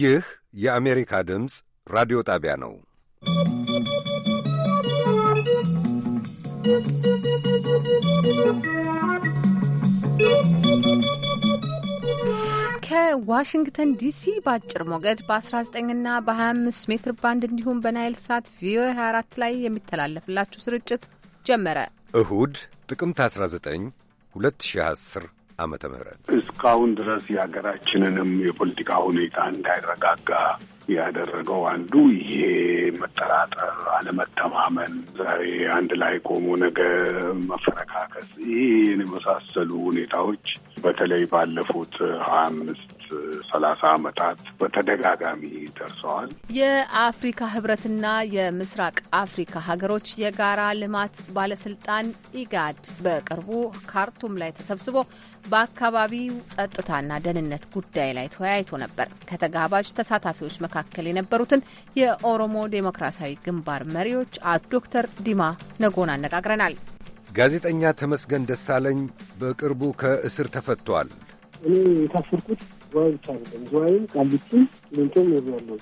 ይህ የአሜሪካ ድምፅ ራዲዮ ጣቢያ ነው። ከዋሽንግተን ዲሲ በአጭር ሞገድ በ19 ና በ25 ሜትር ባንድ እንዲሁም በናይል ሳት ቪኦኤ 24 ላይ የሚተላለፍላችሁ ስርጭት ጀመረ። እሁድ ጥቅምት 19 2010 ዓመተ ምህረት እስካሁን ድረስ የሀገራችንንም የፖለቲካ ሁኔታ እንዳይረጋጋ ያደረገው አንዱ ይሄ መጠራጠር፣ አለመተማመን፣ ዛሬ አንድ ላይ ቆሞ ነገ መፈረካከስ፣ ይህን የመሳሰሉ ሁኔታዎች በተለይ ባለፉት ሀያ አምስት ሰላሳ ዓመታት በተደጋጋሚ ደርሰዋል። የአፍሪካ ህብረትና የምስራቅ አፍሪካ ሀገሮች የጋራ ልማት ባለስልጣን ኢጋድ በቅርቡ ካርቱም ላይ ተሰብስቦ በአካባቢው ጸጥታና ደህንነት ጉዳይ ላይ ተወያይቶ ነበር። ከተጋባዥ ተሳታፊዎች መካከል የነበሩትን የኦሮሞ ዴሞክራሲያዊ ግንባር መሪዎች ዶክተር ዲማ ነጎን አነጋግረናል። ጋዜጠኛ ተመስገን ደሳለኝ በቅርቡ ከእስር ተፈቷል። እኔ የታሰርኩት ዝዋይ ብቻ አይደለም። ዝዋይም፣ ቃሊቲም፣ ምንቶም ነው ያለው።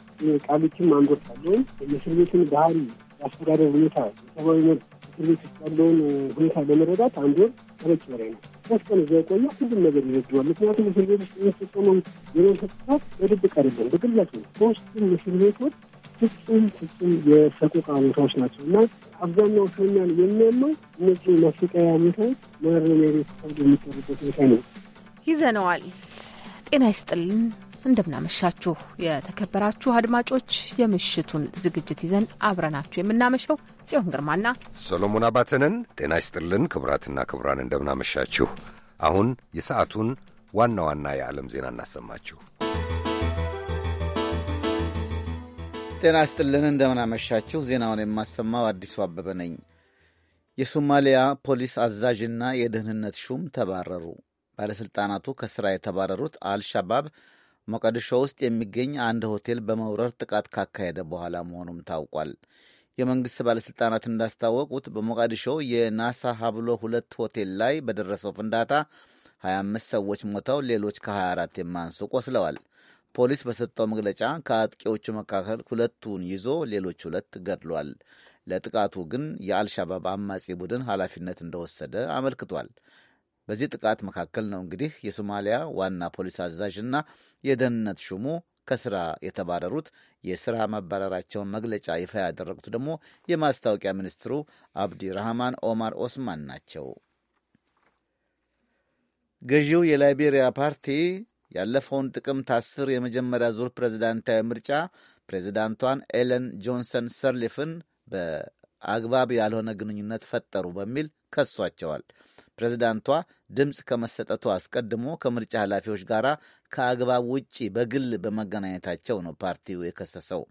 ቃሊቲም ማንጎት አለውን የእስር ቤትን ባህሪ፣ የአስተዳደር ሁኔታ፣ የሰብአዊ መብት እስር ቤት ውስጥ ያለውን ሁኔታ ለመረዳት አንድ ወር ከበቂ በላይ ነው። ሶስት ቀን እዚያ የቆየ ሁሉም ነገር ይረድዋል። ምክንያቱም እስር ቤት ውስጥ የሚፈጸመው የመብት ጥሰት በድብቅ አይደለም፣ በግላጭ ነው። ሶስቱም እስር ቤቶች ፍጹም ፍጹም የሰቆቃ ቦታዎች ናቸው እና አብዛኛው እስረኛን የሚያመው እነዚህ ማሰቃያ ቦታዎች ማረሚያ ቤት ተብሎ የሚጠሩበት ቦታ ነው። ይዘነዋል። ጤና ይስጥልን። እንደምናመሻችሁ የተከበራችሁ አድማጮች፣ የምሽቱን ዝግጅት ይዘን አብረናችሁ የምናመሸው ጽዮን ግርማና ሰሎሞን አባተንን። ጤና ይስጥልን ክቡራትና ክቡራን፣ እንደምናመሻችሁ። አሁን የሰዓቱን ዋና ዋና የዓለም ዜና እናሰማችሁ። ጤና ይስጥልን፣ እንደምናመሻችሁ። ዜናውን የማሰማው አዲሱ አበበ ነኝ። የሶማሊያ ፖሊስ አዛዥና የደህንነት ሹም ተባረሩ። ባለሥልጣናቱ ከሥራ የተባረሩት አልሻባብ ሞቃዲሾ ውስጥ የሚገኝ አንድ ሆቴል በመውረር ጥቃት ካካሄደ በኋላ መሆኑም ታውቋል። የመንግሥት ባለሥልጣናት እንዳስታወቁት በሞቃዲሾ የናሳ ሀብሎ ሁለት ሆቴል ላይ በደረሰው ፍንዳታ 25 ሰዎች ሞተው ሌሎች ከ24 የማንሱ ቆስለዋል። ፖሊስ በሰጠው መግለጫ ከአጥቂዎቹ መካከል ሁለቱን ይዞ ሌሎች ሁለት ገድሏል። ለጥቃቱ ግን የአልሻባብ አማጺ ቡድን ኃላፊነት እንደወሰደ አመልክቷል። በዚህ ጥቃት መካከል ነው እንግዲህ የሶማሊያ ዋና ፖሊስ አዛዥ የደህንነት ሹሙ ከስራ የተባረሩት። የስራ መባረራቸውን መግለጫ ይፋ ያደረጉት ደግሞ የማስታወቂያ ሚኒስትሩ አብዲ ራህማን ኦማር ኦስማን ናቸው። ገዢው የላይቤሪያ ፓርቲ ያለፈውን ጥቅምት አስር የመጀመሪያ ዙር ፕሬዝዳንታዊ ምርጫ ፕሬዝዳንቷን ኤለን ጆንሰን ሰርሊፍን በአግባብ ያልሆነ ግንኙነት ፈጠሩ በሚል ከሷቸዋል። ፕሬዚዳንቷ ድምፅ ከመሰጠቱ አስቀድሞ ከምርጫ ኃላፊዎች ጋር ከአግባብ ውጪ በግል በመገናኘታቸው ነው ፓርቲው የከሰሰው።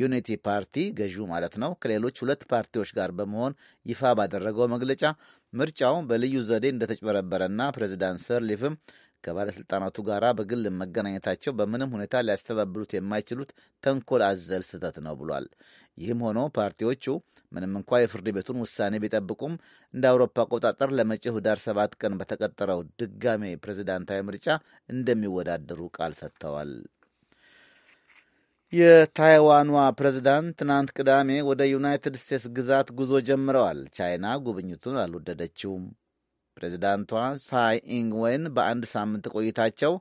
ዩኒቲ ፓርቲ ገዢው ማለት ነው ከሌሎች ሁለት ፓርቲዎች ጋር በመሆን ይፋ ባደረገው መግለጫ ምርጫው በልዩ ዘዴ እንደተጭበረበረና ፕሬዚዳንት ሰርሊፍም ከባለሥልጣናቱ ጋር በግል መገናኘታቸው በምንም ሁኔታ ሊያስተባብሉት የማይችሉት ተንኮል አዘል ስህተት ነው ብሏል። ይህም ሆኖ ፓርቲዎቹ ምንም እንኳ የፍርድ ቤቱን ውሳኔ ቢጠብቁም እንደ አውሮፓ አቆጣጠር ለመጪው ህዳር ሰባት ቀን በተቀጠረው ድጋሜ ፕሬዚዳንታዊ ምርጫ እንደሚወዳደሩ ቃል ሰጥተዋል። የታይዋኗ ፕሬዚዳንት ትናንት ቅዳሜ ወደ ዩናይትድ ስቴትስ ግዛት ጉዞ ጀምረዋል። ቻይና ጉብኝቱን አልወደደችውም። ፕሬዚዳንቷ ሳይ ኢንግዌን በአንድ ሳምንት ቆይታቸው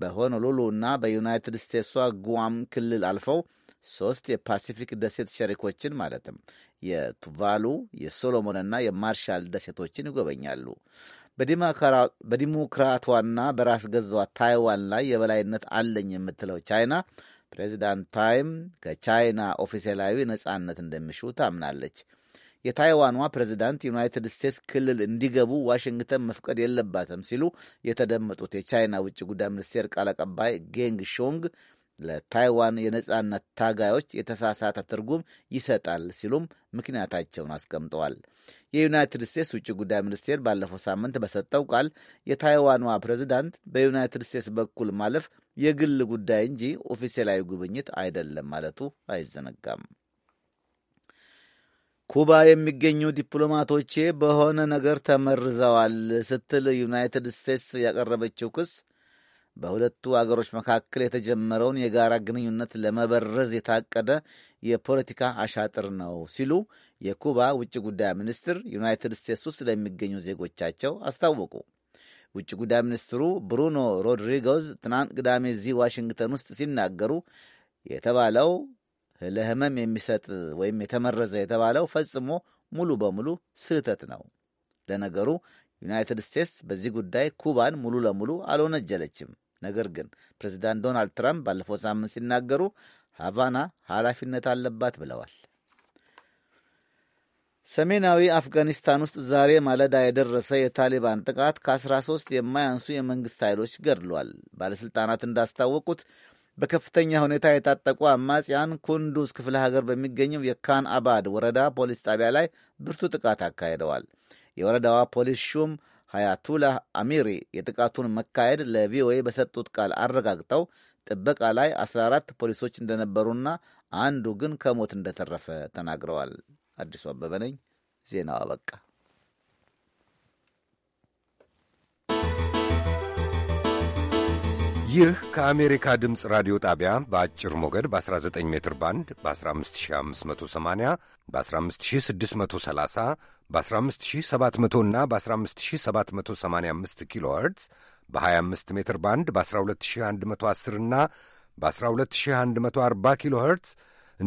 በሆኖሉሉ እና በዩናይትድ ስቴትሷ ጉዋም ክልል አልፈው ሶስት የፓሲፊክ ደሴት ሸሪኮችን ማለትም የቱቫሉ የሶሎሞንና የማርሻል ደሴቶችን ይጎበኛሉ። በዲሞክራቷና በራስ ገዟ ታይዋን ላይ የበላይነት አለኝ የምትለው ቻይና ፕሬዚዳንት ታይም ከቻይና ኦፊሴላዊ ነጻነት እንደሚሹ ታምናለች። የታይዋኗ ፕሬዚዳንት ዩናይትድ ስቴትስ ክልል እንዲገቡ ዋሽንግተን መፍቀድ የለባትም ሲሉ የተደመጡት የቻይና ውጭ ጉዳይ ሚኒስቴር ቃል አቀባይ ጌንግ ሾንግ ለታይዋን የነጻነት ታጋዮች የተሳሳተ ትርጉም ይሰጣል ሲሉም ምክንያታቸውን አስቀምጠዋል። የዩናይትድ ስቴትስ ውጭ ጉዳይ ሚኒስቴር ባለፈው ሳምንት በሰጠው ቃል የታይዋኗ ፕሬዚዳንት በዩናይትድ ስቴትስ በኩል ማለፍ የግል ጉዳይ እንጂ ኦፊሴላዊ ጉብኝት አይደለም ማለቱ አይዘነጋም። ኩባ የሚገኙ ዲፕሎማቶቼ በሆነ ነገር ተመርዘዋል ስትል ዩናይትድ ስቴትስ ያቀረበችው ክስ በሁለቱ አገሮች መካከል የተጀመረውን የጋራ ግንኙነት ለመበረዝ የታቀደ የፖለቲካ አሻጥር ነው ሲሉ የኩባ ውጭ ጉዳይ ሚኒስትር ዩናይትድ ስቴትስ ውስጥ ለሚገኙ ዜጎቻቸው አስታወቁ። ውጭ ጉዳይ ሚኒስትሩ ብሩኖ ሮድሪጎዝ ትናንት ቅዳሜ እዚህ ዋሽንግተን ውስጥ ሲናገሩ የተባለው ለህመም የሚሰጥ ወይም የተመረዘ የተባለው ፈጽሞ ሙሉ በሙሉ ስህተት ነው። ለነገሩ ዩናይትድ ስቴትስ በዚህ ጉዳይ ኩባን ሙሉ ለሙሉ አልወነጀለችም። ነገር ግን ፕሬዚዳንት ዶናልድ ትራምፕ ባለፈው ሳምንት ሲናገሩ ሃቫና ኃላፊነት አለባት ብለዋል። ሰሜናዊ አፍጋኒስታን ውስጥ ዛሬ ማለዳ የደረሰ የታሊባን ጥቃት ከ13 የማያንሱ የመንግሥት ኃይሎች ገድሏል። ባለሥልጣናት እንዳስታወቁት በከፍተኛ ሁኔታ የታጠቁ አማጽያን ኩንዱዝ ክፍለ ሀገር በሚገኘው የካን አባድ ወረዳ ፖሊስ ጣቢያ ላይ ብርቱ ጥቃት አካሂደዋል። የወረዳዋ ፖሊስ ሹም ሀያቱላ አሚሪ የጥቃቱን መካሄድ ለቪኦኤ በሰጡት ቃል አረጋግጠው ጥበቃ ላይ 14 ፖሊሶች እንደነበሩና አንዱ ግን ከሞት እንደተረፈ ተናግረዋል። አዲሱ አበበ ነኝ። ዜናው አበቃ። ይህ ከአሜሪካ ድምፅ ራዲዮ ጣቢያ በአጭር ሞገድ በ19 ሜትር ባንድ በ15580 በ15630 በ15700 እና በ15785 ኪሎ ኸርትዝ በ25 ሜትር ባንድ በ12110 እና በ12140 ኪሎ ኸርትዝ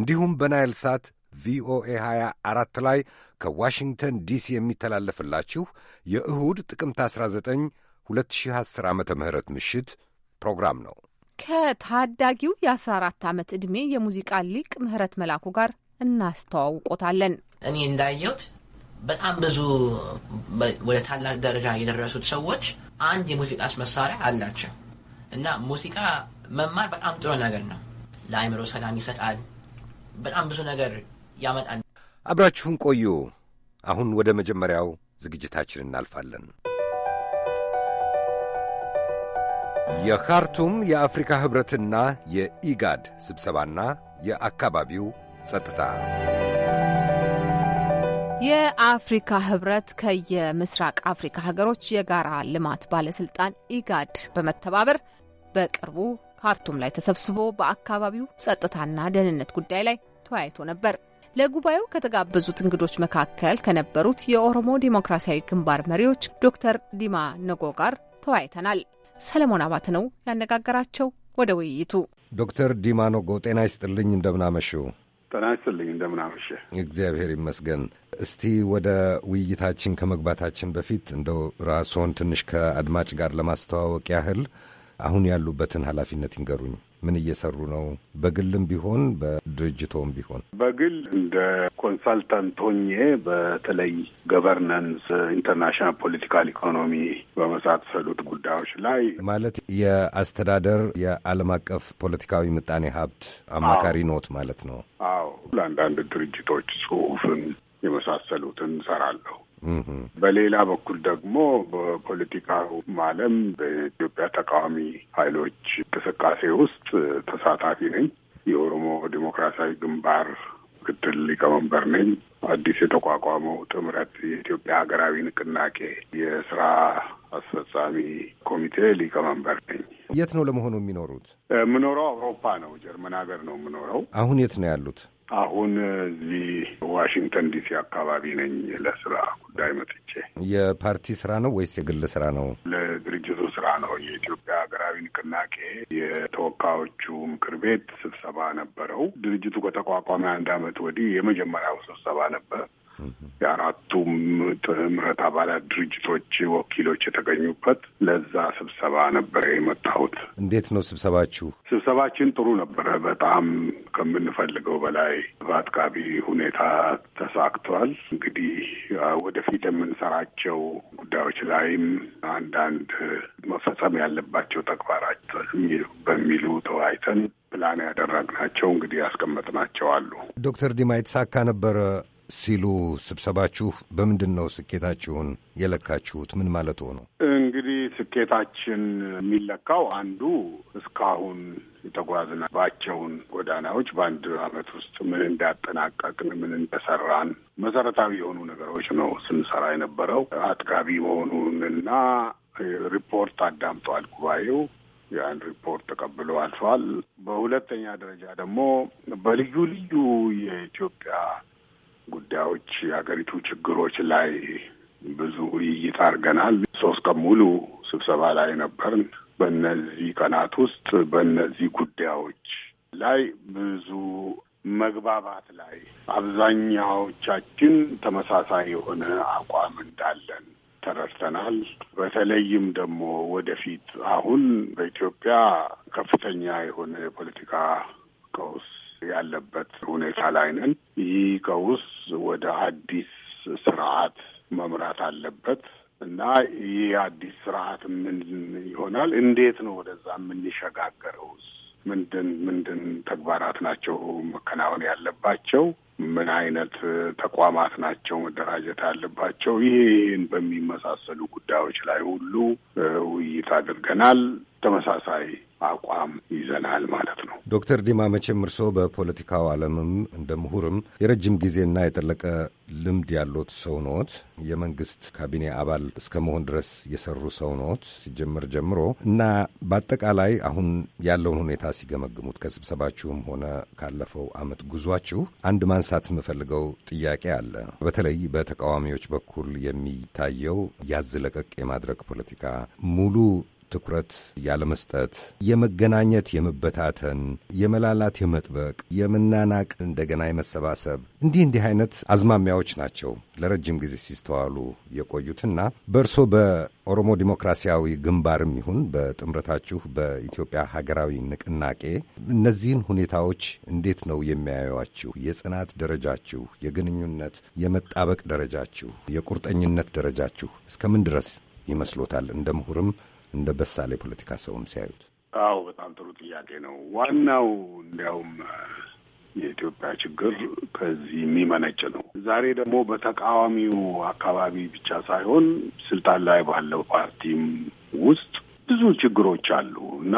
እንዲሁም በናይል ሳት ቪኦኤ 24 ላይ ከዋሽንግተን ዲሲ የሚተላለፍላችሁ የእሁድ ጥቅምት 19 2010 ዓ ምህረት ምሽት ፕሮግራም ነው። ከታዳጊው የ14 ዓመት ዕድሜ የሙዚቃ ሊቅ ምህረት መላኩ ጋር እናስተዋውቆታለን። እኔ እንዳየሁት በጣም ብዙ ወደ ታላቅ ደረጃ የደረሱት ሰዎች አንድ የሙዚቃ መሳሪያ አላቸው እና ሙዚቃ መማር በጣም ጥሩ ነገር ነው። ለአእምሮ ሰላም ይሰጣል። በጣም ብዙ ነገር ያመጣል። አብራችሁን ቆዩ። አሁን ወደ መጀመሪያው ዝግጅታችን እናልፋለን። የካርቱም የአፍሪካ ኅብረትና የኢጋድ ስብሰባና የአካባቢው ጸጥታ የአፍሪካ ህብረት ከየምስራቅ አፍሪካ ሀገሮች የጋራ ልማት ባለስልጣን ኢጋድ በመተባበር በቅርቡ ካርቱም ላይ ተሰብስቦ በአካባቢው ጸጥታና ደህንነት ጉዳይ ላይ ተወያይቶ ነበር። ለጉባኤው ከተጋበዙት እንግዶች መካከል ከነበሩት የኦሮሞ ዴሞክራሲያዊ ግንባር መሪዎች ዶክተር ዲማ ነጎ ጋር ተወያይተናል። ሰለሞን አባት ነው ያነጋገራቸው። ወደ ውይይቱ ዶክተር ዲማኖጎ ጤና ይስጥልኝ፣ እንደምናመሹ። ጤና ይስጥልኝ፣ እንደምናመሸ። እግዚአብሔር ይመስገን። እስቲ ወደ ውይይታችን ከመግባታችን በፊት እንደው ራስዎን ትንሽ ከአድማጭ ጋር ለማስተዋወቅ ያህል አሁን ያሉበትን ኃላፊነት ይንገሩኝ። ምን እየሰሩ ነው? በግልም ቢሆን በድርጅቶም ቢሆን በግል እንደ ኮንሳልታንት ሆኜ በተለይ ገቨርናንስ፣ ኢንተርናሽናል ፖለቲካል ኢኮኖሚ በመሳሰሉት ጉዳዮች ላይ ማለት የአስተዳደር የዓለም አቀፍ ፖለቲካዊ ምጣኔ ሀብት አማካሪ ኖት ማለት ነው። አዎ ለአንዳንድ ድርጅቶች ጽሁፍን የመሳሰሉትን ሰራለሁ። በሌላ በኩል ደግሞ በፖለቲካው ዓለም በኢትዮጵያ ተቃዋሚ ኃይሎች እንቅስቃሴ ውስጥ ተሳታፊ ነኝ። የኦሮሞ ዴሞክራሲያዊ ግንባር ምክትል ሊቀመንበር ነኝ። አዲስ የተቋቋመው ጥምረት የኢትዮጵያ ሀገራዊ ንቅናቄ የስራ አስፈጻሚ ኮሚቴ ሊቀመንበር ነኝ። የት ነው ለመሆኑ የሚኖሩት? የምኖረው አውሮፓ ነው፣ ጀርመን ሀገር ነው የምኖረው። አሁን የት ነው ያሉት? አሁን እዚህ ዋሽንግተን ዲሲ አካባቢ ነኝ። ለስራ ጉዳይ መጥቼ። የፓርቲ ስራ ነው ወይስ የግል ስራ ነው? ለድርጅቱ ስራ ነው። የኢትዮጵያ ሀገራዊ ንቅናቄ የተወካዮቹ ምክር ቤት ስብሰባ ነበረው። ድርጅቱ ከተቋቋመ አንድ አመት ወዲህ የመጀመሪያው ስብሰባ ነበር። የአራቱም ጥምረት አባላት ድርጅቶች ወኪሎች የተገኙበት ለዛ ስብሰባ ነበረ የመጣሁት። እንዴት ነው ስብሰባችሁ? ስብሰባችን ጥሩ ነበረ። በጣም ከምንፈልገው በላይ በአጥቃቢ ሁኔታ ተሳክቷል። እንግዲህ ወደፊት የምንሰራቸው ጉዳዮች ላይም አንዳንድ መፈጸም ያለባቸው ተግባራት በሚሉ ተወያይተን ፕላን ያደረግናቸው እንግዲህ ያስቀመጥናቸው አሉ። ዶክተር ዲማ የተሳካ ነበረ ሲሉ ስብሰባችሁ በምንድን ነው ስኬታችሁን የለካችሁት? ምን ማለት ሆኑ? እንግዲህ ስኬታችን የሚለካው አንዱ እስካሁን የተጓዝናባቸውን ጎዳናዎች በአንድ ዓመት ውስጥ ምን እንዳጠናቀቅን፣ ምን እንደሰራን መሰረታዊ የሆኑ ነገሮች ነው ስንሰራ የነበረው አጥጋቢ መሆኑን እና ሪፖርት አዳምጧል ጉባኤው የአንድ ሪፖርት ተቀብሎ አልፏል። በሁለተኛ ደረጃ ደግሞ በልዩ ልዩ የኢትዮጵያ ጉዳዮች፣ የሀገሪቱ ችግሮች ላይ ብዙ ውይይት አድርገናል። ሶስት ቀን ሙሉ ስብሰባ ላይ ነበርን። በእነዚህ ቀናት ውስጥ በእነዚህ ጉዳዮች ላይ ብዙ መግባባት ላይ አብዛኛዎቻችን ተመሳሳይ የሆነ አቋም እንዳለን ተረድተናል። በተለይም ደግሞ ወደፊት አሁን በኢትዮጵያ ከፍተኛ የሆነ የፖለቲካ ቀውስ ያለበት ሁኔታ ላይ ነን። ይህ ቀውስ ወደ አዲስ ስርዓት መምራት አለበት እና ይህ አዲስ ስርዓት ምን ይሆናል? እንዴት ነው ወደዛ የምንሸጋገረው? ምንድን ምንድን ተግባራት ናቸው መከናወን ያለባቸው? ምን አይነት ተቋማት ናቸው መደራጀት ያለባቸው? ይህን በሚመሳሰሉ ጉዳዮች ላይ ሁሉ ውይይት አድርገናል። ተመሳሳይ አቋም ይዘናል ማለት ነው። ዶክተር ዲማ መቼም እርስዎ በፖለቲካው ዓለምም እንደ ምሁርም የረጅም ጊዜና የጠለቀ ልምድ ያሉት ሰው ኖት። የመንግስት ካቢኔ አባል እስከ መሆን ድረስ የሰሩ ሰው ኖት ሲጀምር ጀምሮ እና በአጠቃላይ አሁን ያለውን ሁኔታ ሲገመግሙት ከስብሰባችሁም ሆነ ካለፈው ዓመት ጉዟችሁ አንድ ማንሳት የምፈልገው ጥያቄ አለ። በተለይ በተቃዋሚዎች በኩል የሚታየው ያዝለቀቅ የማድረግ ፖለቲካ ሙሉ ትኩረት ያለመስጠት፣ የመገናኘት የመበታተን፣ የመላላት የመጥበቅ፣ የመናናቅ፣ እንደገና የመሰባሰብ እንዲህ እንዲህ አይነት አዝማሚያዎች ናቸው ለረጅም ጊዜ ሲስተዋሉ የቆዩትና በእርሶ በኦሮሞ ዲሞክራሲያዊ ግንባርም ይሁን በጥምረታችሁ በኢትዮጵያ ሀገራዊ ንቅናቄ እነዚህን ሁኔታዎች እንዴት ነው የሚያዩዋችሁ? የጽናት ደረጃችሁ፣ የግንኙነት የመጣበቅ ደረጃችሁ፣ የቁርጠኝነት ደረጃችሁ እስከምን ድረስ ይመስሎታል? እንደ ምሁርም እንደ በሳሌ የፖለቲካ ሰውም ሲያዩት? አዎ በጣም ጥሩ ጥያቄ ነው። ዋናው እንዲያውም የኢትዮጵያ ችግር ከዚህ የሚመነጭ ነው። ዛሬ ደግሞ በተቃዋሚው አካባቢ ብቻ ሳይሆን ስልጣን ላይ ባለው ፓርቲም ውስጥ ብዙ ችግሮች አሉ እና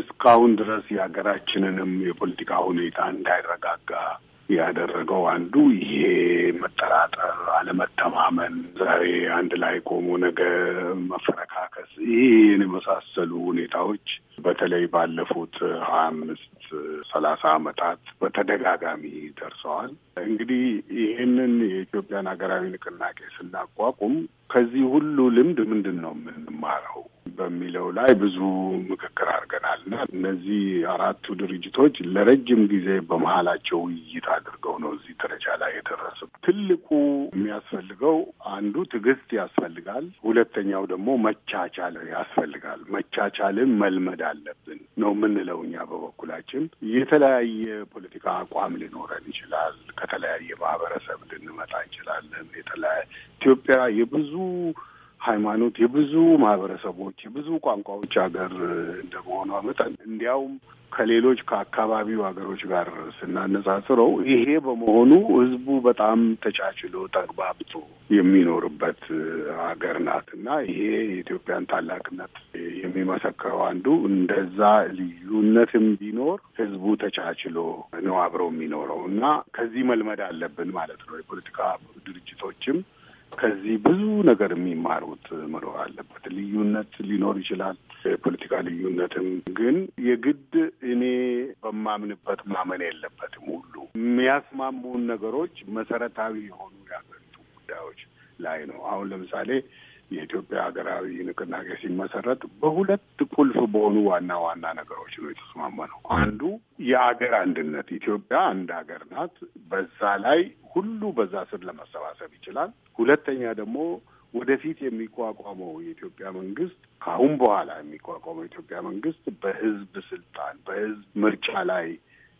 እስካሁን ድረስ የሀገራችንንም የፖለቲካ ሁኔታ እንዳይረጋጋ ያደረገው አንዱ ይሄ መጠራጠር፣ አለመተማመን፣ ዛሬ አንድ ላይ ቆሞ ነገ መፈረካከስ፣ ይህን የመሳሰሉ ሁኔታዎች በተለይ ባለፉት ሀያ አምስት ሰላሳ አመታት በተደጋጋሚ ደርሰዋል። እንግዲህ ይህንን የኢትዮጵያን ሀገራዊ ንቅናቄ ስናቋቁም ከዚህ ሁሉ ልምድ ምንድን ነው የምንማረው? በሚለው ላይ ብዙ ምክክር አድርገናል እና እነዚህ አራቱ ድርጅቶች ለረጅም ጊዜ በመሀላቸው ውይይት አድርገው ነው እዚህ ደረጃ ላይ የደረሱ። ትልቁ የሚያስፈልገው አንዱ ትዕግስት ያስፈልጋል። ሁለተኛው ደግሞ መቻቻል ያስፈልጋል። መቻቻልን መልመድ አለብን ነው የምንለው እኛ በበኩላችን። የተለያየ ፖለቲካ አቋም ሊኖረን ይችላል። ከተለያየ ማህበረሰብ ልንመጣ እንችላለን። የተለያየ ኢትዮጵያ የብዙ ሃይማኖት የብዙ ማህበረሰቦች የብዙ ቋንቋዎች ሀገር እንደመሆኗ መጠን እንዲያውም ከሌሎች ከአካባቢው ሀገሮች ጋር ስናነጻጽረው ይሄ በመሆኑ ህዝቡ በጣም ተቻችሎ ተግባብቶ የሚኖርበት ሀገር ናት እና ይሄ የኢትዮጵያን ታላቅነት የሚመሰክረው አንዱ እንደዛ ልዩነትም ቢኖር ህዝቡ ተቻችሎ ነው አብሮ የሚኖረው እና ከዚህ መልመድ አለብን ማለት ነው የፖለቲካ ድርጅቶችም ከዚህ ብዙ ነገር የሚማሩት መኖር አለበት። ልዩነት ሊኖር ይችላል፣ የፖለቲካ ልዩነትም ግን የግድ እኔ በማምንበት ማመን የለበትም። ሁሉ የሚያስማሙን ነገሮች መሰረታዊ የሆኑ የሀገሪቱ ጉዳዮች ላይ ነው። አሁን ለምሳሌ የኢትዮጵያ ሀገራዊ ንቅናቄ ሲመሰረት በሁለት ቁልፍ በሆኑ ዋና ዋና ነገሮች ነው የተስማማ ነው። አንዱ የአገር አንድነት፣ ኢትዮጵያ አንድ ሀገር ናት። በዛ ላይ ሁሉ በዛ ስር ለመሰባሰብ ይችላል። ሁለተኛ ደግሞ ወደፊት የሚቋቋመው የኢትዮጵያ መንግስት ከአሁን በኋላ የሚቋቋመው የኢትዮጵያ መንግስት በህዝብ ስልጣን በህዝብ ምርጫ ላይ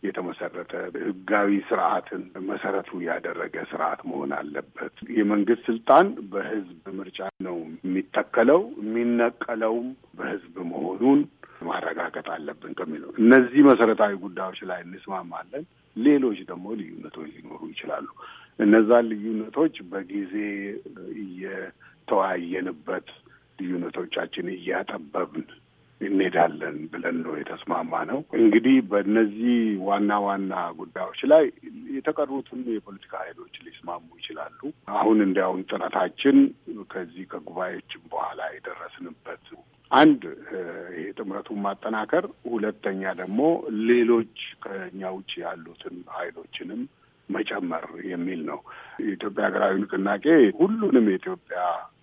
የተመሰረተ ህጋዊ ስርዓትን መሰረቱ ያደረገ ስርዓት መሆን አለበት። የመንግስት ስልጣን በህዝብ ምርጫ ነው የሚተከለው፣ የሚነቀለውም በህዝብ መሆኑን ማረጋገጥ አለብን ከሚለው እነዚህ መሰረታዊ ጉዳዮች ላይ እንስማማለን። ሌሎች ደግሞ ልዩነቶች ሊኖሩ ይችላሉ። እነዛን ልዩነቶች በጊዜ እየተወያየንበት ልዩነቶቻችን እያጠበብን እንሄዳለን ብለን ነው የተስማማ ነው። እንግዲህ በእነዚህ ዋና ዋና ጉዳዮች ላይ የተቀሩትም የፖለቲካ ኃይሎች ሊስማሙ ይችላሉ። አሁን እንዲያውም ጥረታችን ከዚህ ከጉባኤዎችም በኋላ የደረስንበት አንድ ይሄ ጥምረቱን ማጠናከር፣ ሁለተኛ ደግሞ ሌሎች ከኛ ውጭ ያሉትን ኃይሎችንም መጨመር የሚል ነው። የኢትዮጵያ ሀገራዊ ንቅናቄ ሁሉንም የኢትዮጵያ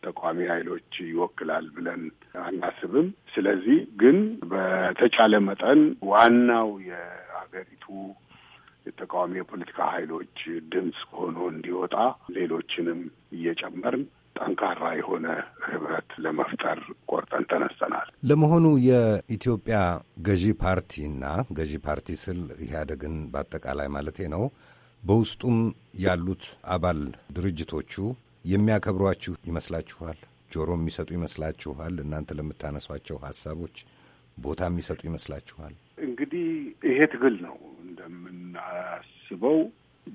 ተቋሚ ኃይሎች ይወክላል ብለን አናስብም። ስለዚህ ግን በተቻለ መጠን ዋናው የሀገሪቱ የተቃዋሚ የፖለቲካ ኃይሎች ድምፅ ሆኖ እንዲወጣ ሌሎችንም እየጨመርን ጠንካራ የሆነ ህብረት ለመፍጠር ቆርጠን ተነስተናል። ለመሆኑ የኢትዮጵያ ገዢ ፓርቲና ገዢ ፓርቲ ስል ኢህአዴግን በአጠቃላይ ማለቴ ነው በውስጡም ያሉት አባል ድርጅቶቹ የሚያከብሯችሁ ይመስላችኋል? ጆሮ የሚሰጡ ይመስላችኋል? እናንተ ለምታነሷቸው ሀሳቦች ቦታ የሚሰጡ ይመስላችኋል? እንግዲህ ይሄ ትግል ነው እንደምናስበው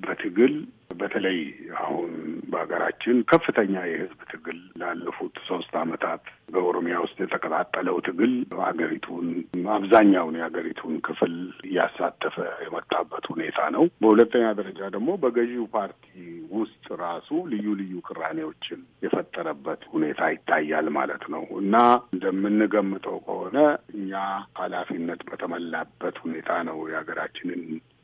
በትግል በተለይ አሁን በሀገራችን ከፍተኛ የህዝብ ትግል ላለፉት ሶስት አመታት በኦሮሚያ ውስጥ የተቀጣጠለው ትግል ሀገሪቱን አብዛኛውን የሀገሪቱን ክፍል እያሳተፈ የመጣበት ሁኔታ ነው። በሁለተኛ ደረጃ ደግሞ በገዢው ፓርቲ ውስጥ ራሱ ልዩ ልዩ ቅራኔዎችን የፈጠረበት ሁኔታ ይታያል ማለት ነው እና እንደምንገምጠው ከሆነ እኛ ኃላፊነት በተሞላበት ሁኔታ ነው የሀገራችንን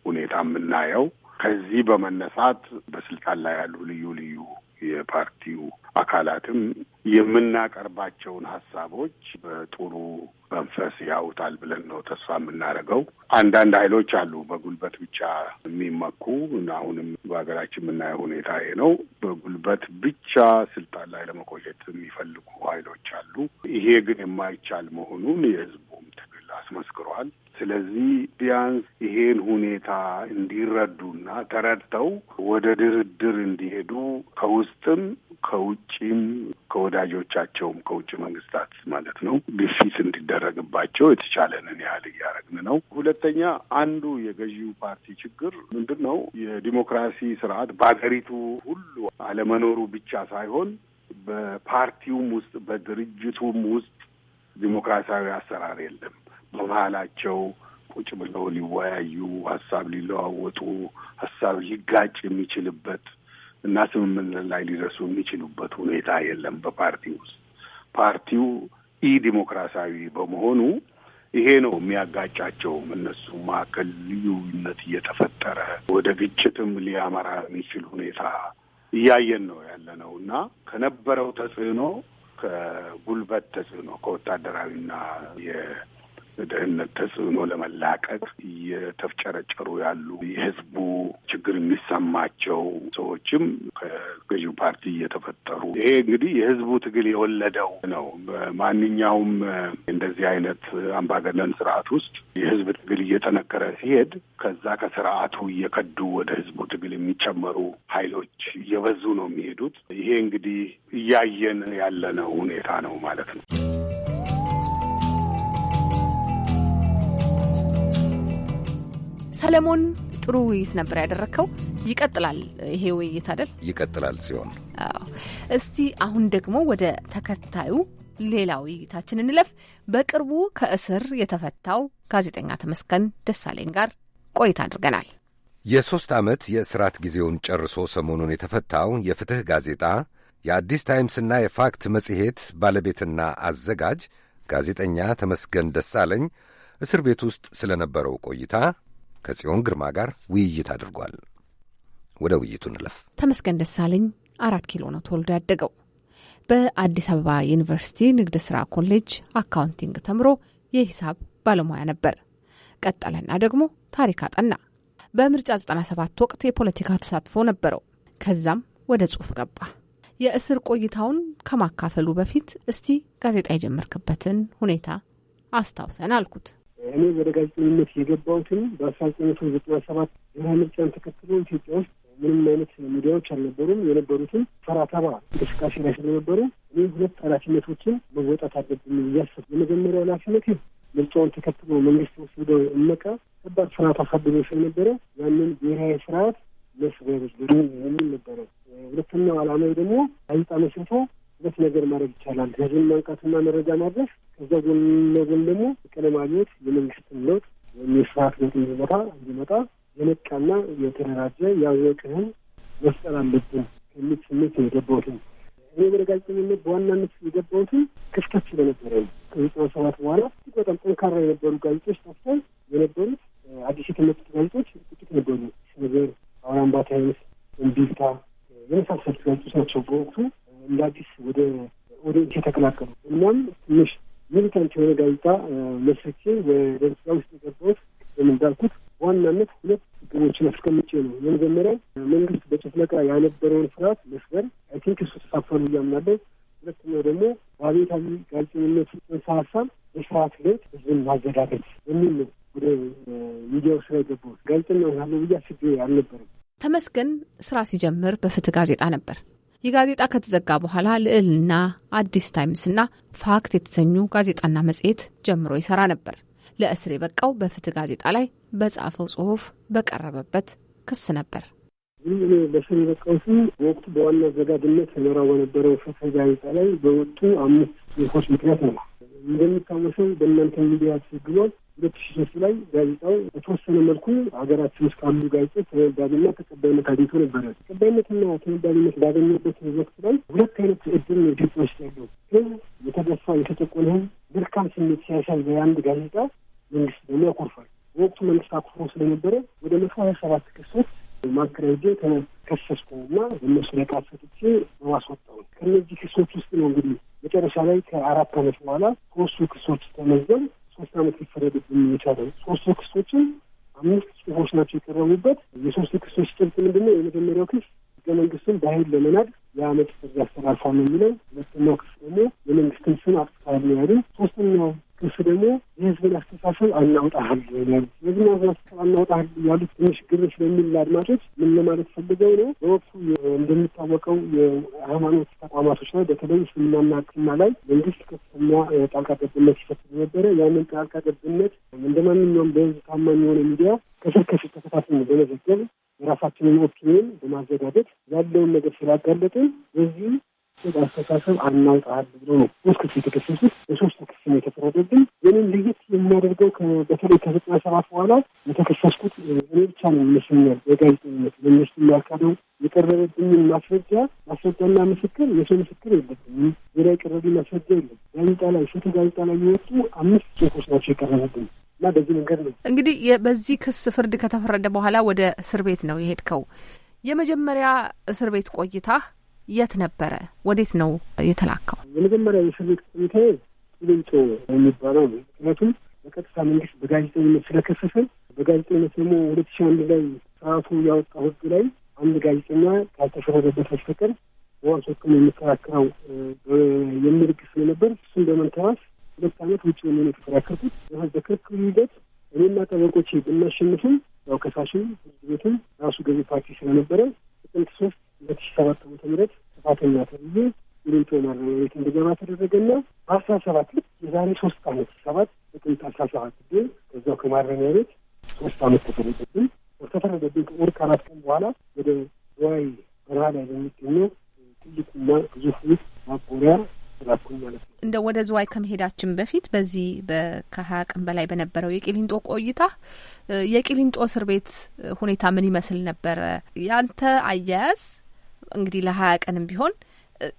ሁኔታ የምናየው ከዚህ በመነሳት በስልጣን ላይ ያሉ ልዩ ልዩ የፓርቲው አካላትም የምናቀርባቸውን ሀሳቦች በጥሩ መንፈስ ያውታል ብለን ነው ተስፋ የምናደርገው። አንዳንድ ኃይሎች አሉ በጉልበት ብቻ የሚመኩ እና አሁንም በሀገራችን የምናየው ሁኔታ ይሄ ነው። በጉልበት ብቻ ስልጣን ላይ ለመቆየት የሚፈልጉ ኃይሎች አሉ። ይሄ ግን የማይቻል መሆኑን የህዝቡም ትግል አስመስክሯል። ስለዚህ ቢያንስ ይሄን ሁኔታ እንዲረዱና ተረድተው ወደ ድርድር እንዲሄዱ ከውስጥም ከውጭም ከወዳጆቻቸውም ከውጭ መንግስታት ማለት ነው ግፊት እንዲደረግባቸው የተቻለንን ያህል እያደረግን ነው። ሁለተኛ አንዱ የገዢው ፓርቲ ችግር ምንድን ነው? የዲሞክራሲ ስርዓት በሀገሪቱ ሁሉ አለመኖሩ ብቻ ሳይሆን በፓርቲውም ውስጥ በድርጅቱም ውስጥ ዲሞክራሲያዊ አሰራር የለም። በባህላቸው ቁጭ ብለው ሊወያዩ ሀሳብ ሊለዋወጡ ሀሳብ ሊጋጭ የሚችልበት እና ስምምነት ላይ ሊደርሱ የሚችሉበት ሁኔታ የለም በፓርቲ ውስጥ። ፓርቲው ኢ ዲሞክራሲያዊ በመሆኑ ይሄ ነው የሚያጋጫቸው። እነሱ መካከል ልዩነት እየተፈጠረ ወደ ግጭትም ሊያመራ የሚችል ሁኔታ እያየን ነው ያለ ነው እና ከነበረው ተጽዕኖ ከጉልበት ተጽዕኖ ከወታደራዊና ድህነት ተጽዕኖ ለመላቀቅ እየተፍጨረጨሩ ያሉ የህዝቡ ችግር የሚሰማቸው ሰዎችም ከገዢው ፓርቲ እየተፈጠሩ ይሄ እንግዲህ የህዝቡ ትግል የወለደው ነው። በማንኛውም እንደዚህ አይነት አምባገነን ስርዓት ውስጥ የህዝብ ትግል እየጠነከረ ሲሄድ ከዛ ከስርዓቱ እየከዱ ወደ ህዝቡ ትግል የሚጨመሩ ኃይሎች እየበዙ ነው የሚሄዱት። ይሄ እንግዲህ እያየን ያለነው ሁኔታ ነው ማለት ነው። ሰለሞን ጥሩ ውይይት ነበር ያደረግከው። ይቀጥላል ይሄ ውይይት አይደል? ይቀጥላል ሲሆን እስቲ አሁን ደግሞ ወደ ተከታዩ ሌላ ውይይታችን እንለፍ። በቅርቡ ከእስር የተፈታው ጋዜጠኛ ተመስገን ደሳለኝ ጋር ቆይታ አድርገናል። የሦስት ዓመት የእስራት ጊዜውን ጨርሶ ሰሞኑን የተፈታው የፍትሕ ጋዜጣ የአዲስ ታይምስና የፋክት መጽሔት ባለቤትና አዘጋጅ ጋዜጠኛ ተመስገን ደሳለኝ እስር ቤት ውስጥ ስለነበረው ቆይታ ከጽዮን ግርማ ጋር ውይይት አድርጓል። ወደ ውይይቱ እንለፍ። ተመስገን ደሳለኝ አራት ኪሎ ነው ተወልዶ ያደገው። በአዲስ አበባ ዩኒቨርሲቲ ንግድ ስራ ኮሌጅ አካውንቲንግ ተምሮ የሂሳብ ባለሙያ ነበር። ቀጠለና ደግሞ ታሪክ አጠና። በምርጫ 97 ወቅት የፖለቲካ ተሳትፎ ነበረው። ከዛም ወደ ጽሁፍ ገባ። የእስር ቆይታውን ከማካፈሉ በፊት እስቲ ጋዜጣ የጀመርክበትን ሁኔታ አስታውሰን አልኩት። እኔ ወደ ጋዜጠኝነት የገባሁትን በአስራ ዘጠኝ መቶ ዘጠና ሰባት ብሔራዊ ምርጫን ተከትሎ ኢትዮጵያ ውስጥ ምንም አይነት ሚዲያዎች አልነበሩም። የነበሩትን ፈራተባ እንቅስቃሴ ላይ ስለነበሩ እኔ ሁለት ኃላፊነቶችን መወጣት አለብኝ እያሰብ የመጀመሪያው ኃላፊነት ምርጫውን ተከትሎ መንግስት ወስደው እመቃ ከባድ ስርዓት አሳድሮ ስለነበረ ያንን ብሔራዊ ስርዓት መስበብ የሚል ነበረ። ሁለተኛው አላማዊ ደግሞ ጋዜጣ መስርቶ ሁለት ነገር ማድረግ ይቻላል። ህዝብን ማንቃትና መረጃ ማድረስ፣ ከዛ ጎን ለጎን ደግሞ ቀለም አብዮት የመንግስትን ለውጥ ወይም የስርዓት ለውጥ እንዲመጣ እንዲመጣ የነቃና የተደራጀ ያወቅህን መፍጠር አለብን የሚል ስሜት የገባሁትን እኔ ወደ ጋዜጠኝነት በዋናነት የገባሁትን ክፍተት ስለነበረ ነው። ከዘጠና ሰባት በኋላ እጅግ በጣም ጠንካራ የነበሩ ጋዜጦች ጠፍተው የነበሩት አዲስ የተመጡት ጋዜጦች ጥቂት ነበሩ። ነገር አሁን አምባታ፣ እምቢልታ የመሳሰሉት ጋዜጦች ናቸው በወቅቱ እንደ አዲስ ወደ ወደ እጅ ተቀላቀሉ። እናም ትንሽ ሚሊታንት የሆነ ጋዜጣ መስርቼ ወደ ስራ ውስጥ የገባሁት እንዳልኩት ዋናነት ሁለት ግቦችን አስቀምጬ ነው። የመጀመሪያው መንግስት በጭፍለቃ ያነበረውን ስርዓት መስበር፣ አይ ቲንክ እሱ ተሳፈሉ እያምናለሁ። ሁለተኛው ደግሞ በአቤታዊ ጋዜጠኝነት ጽንሰ ሀሳብ የስርዓት ለውጥ ህዝብን ማዘጋጀት የሚል ነው። ወደ ሚዲያው ስራ የገባሁት ጋዜጠኛ ሆናለሁ ብዬ አስቤ አልነበረም። ተመስገን ስራ ሲጀምር በፍትህ ጋዜጣ ነበር። ይህ ጋዜጣ ከተዘጋ በኋላ ልዕልና፣ አዲስ ታይምስና ፋክት የተሰኙ ጋዜጣና መጽሔት ጀምሮ ይሰራ ነበር። ለእስር የበቃው በፍትህ ጋዜጣ ላይ በጻፈው ጽሁፍ በቀረበበት ክስ ነበር። ይህ ለእስር የበቃው ስም ወቅቱ በዋና አዘጋጅነት ይመራው በነበረው ፍትህ ጋዜጣ ላይ በወጡ አምስት ጽሁፎች ምክንያት ነው። እንደሚታወሰው በእናንተ ሚዲያ ተዘግቧል። ሁለት ሺ ሶስት ላይ ጋዜጣው በተወሰነ መልኩ ሀገራችን ውስጥ ካሉ ጋዜጦች ተወዳጅና ተቀባይነት አግኝቶ ነበረ። ተቀባይነትና ተወዳጅነት ባገኘበት ወቅት ላይ ሁለት አይነት እድል ነው ኢትዮጵያ ውስጥ ያለው ህዝብ የተገፋ የተጨቆነ ህዝብ ድርካም ስሜት ሲያሳይ የአንድ ጋዜጣ መንግስት ደግሞ ያኮርፋል። ወቅቱ መንግስት አኩርፎ ስለነበረ ወደ መቶ ሀያ ሰባት ክሶች ማከራጀ ተከሰስኩ እና እነሱ ላይ ቃል ሰጥቼ ከእነዚህ ክሶች ውስጥ ነው እንግዲህ መጨረሻ ላይ ከአራት አመት በኋላ ሶስቱ ክሶች ተመዘን ሶስት አመት ሊፈረድብ የሚቻለው ሶስቱ ክሶችን አምስት ጽሁፎች ናቸው የቀረቡበት። የሶስቱ ክሶች ጭብጥ ምንድነው? የመጀመሪያው ክስ ህገ መንግስትን በኃይል ለመናድ የአመት ትዕዛዝ አስተላልፏል ነው የሚለው። ሁለተኛው ክስ ደግሞ የመንግስትን ስም አጥፍቷል ነው ያሉ። ሶስተኛው እሱ ደግሞ የህዝብን አስተሳሰብ አናውጣሃል ይላሉ። የህዝብን አስተሳሰብ አናውጣሃል ያሉት ትንሽ ግር ስለሚል አድማጮች ምን ለማለት ፈልገው ነው? በወቅቱ እንደሚታወቀው የሃይማኖት ተቋማቶች ላይ በተለይ እስልምናና ክርስትና ላይ መንግስት ከፍተኛ ጣልቃ ገብነት ሲፈጽም ነበረ። ያንን ጣልቃ ገብነት እንደ ማንኛውም በህዝብ ታማኝ የሆነ ሚዲያ ከስር ከስር ተከታትለን በመዘገብ የራሳችንን ኦፕሽንን በማዘጋጀት ያለውን ነገር ስላጋለጥን በዚህ አስተሳሰብ አናውጣል ብሎ ነው ሶስት ክስ የተከሰሱት። በሶስት ክስ ነው የተፈረደብን። ይህንን ለየት የሚያደርገው በተለይ ከዘጠና ሰባት በኋላ የተከሰስኩት እኔ ብቻ ነው ይመስለኛል። በጋዜጠኝነት መንግስት የሚያካደው የቀረበብኝን ማስረጃ ማስረጃና ምስክር የሰው ምስክር የለብኝም። ሌላ የቀረቢ ማስረጃ የለም። ጋዜጣ ላይ ሴቱ ጋዜጣ ላይ የወጡ አምስት ጽሁፎች ናቸው የቀረበብኝ እና በዚህ መንገድ ነው እንግዲህ በዚህ ክስ ፍርድ ከተፈረደ በኋላ ወደ እስር ቤት ነው የሄድከው። የመጀመሪያ እስር ቤት ቆይታ የት ነበረ? ወዴት ነው የተላከው? የመጀመሪያ የእስር ቤት ቆይታ ቂሊንጦ የሚባለው ምክንያቱም በቀጥታ መንግስት በጋዜጠኝነት ስለከሰሰ በጋዜጠኝነት ደግሞ ሁለት ሺህ አንድ ላይ ስርዓቱ ያወጣው ህግ ላይ አንድ ጋዜጠኛ ካልተፈረደበት በስተቀር በዋስ ወቅም የሚከራከረው የሚል ህግ ስለነበር እሱም በመንተራስ ሁለት ዓመት ውጭ የሚሆን የተከራከርኩት በክርክሩ ሂደት እኔና ጠበቆቼ ብናሸንፍም ያው ከሳሽም ህዝብ ቤትም ራሱ ገዢ ፓርቲ ስለነበረ ጥቅምት ሶስት ሁለት ሺ ሰባት ዓመተ ምህረት ጥፋተኛ ተብዬ ቂሊንጦ ማረሚያ ቤት እንድገባ ተደረገና በአስራ ሰባት ልክ የዛሬ ሶስት አመት ሰባት ጥቅምት አስራ ሰባት ጊዜ ከዛው ከማረሚያ ቤት ሶስት አመት ተፈረደብን። ከተፈረደብን ከወር ከአራት ቀን በኋላ ወደ ዋይ በረሃ ላይ በሚገኘው ትልቁና ግዙፍ ውስጥ ማቆሪያ ተላኩኝ ማለት ነው። እንደ ወደ ዝዋይ ከመሄዳችን በፊት በዚህ ከሀያ ቀን በላይ በነበረው የቂሊንጦ ቆይታ የቂሊንጦ እስር ቤት ሁኔታ ምን ይመስል ነበረ? ያንተ አያያዝ እንግዲህ ለሀያ ቀንም ቢሆን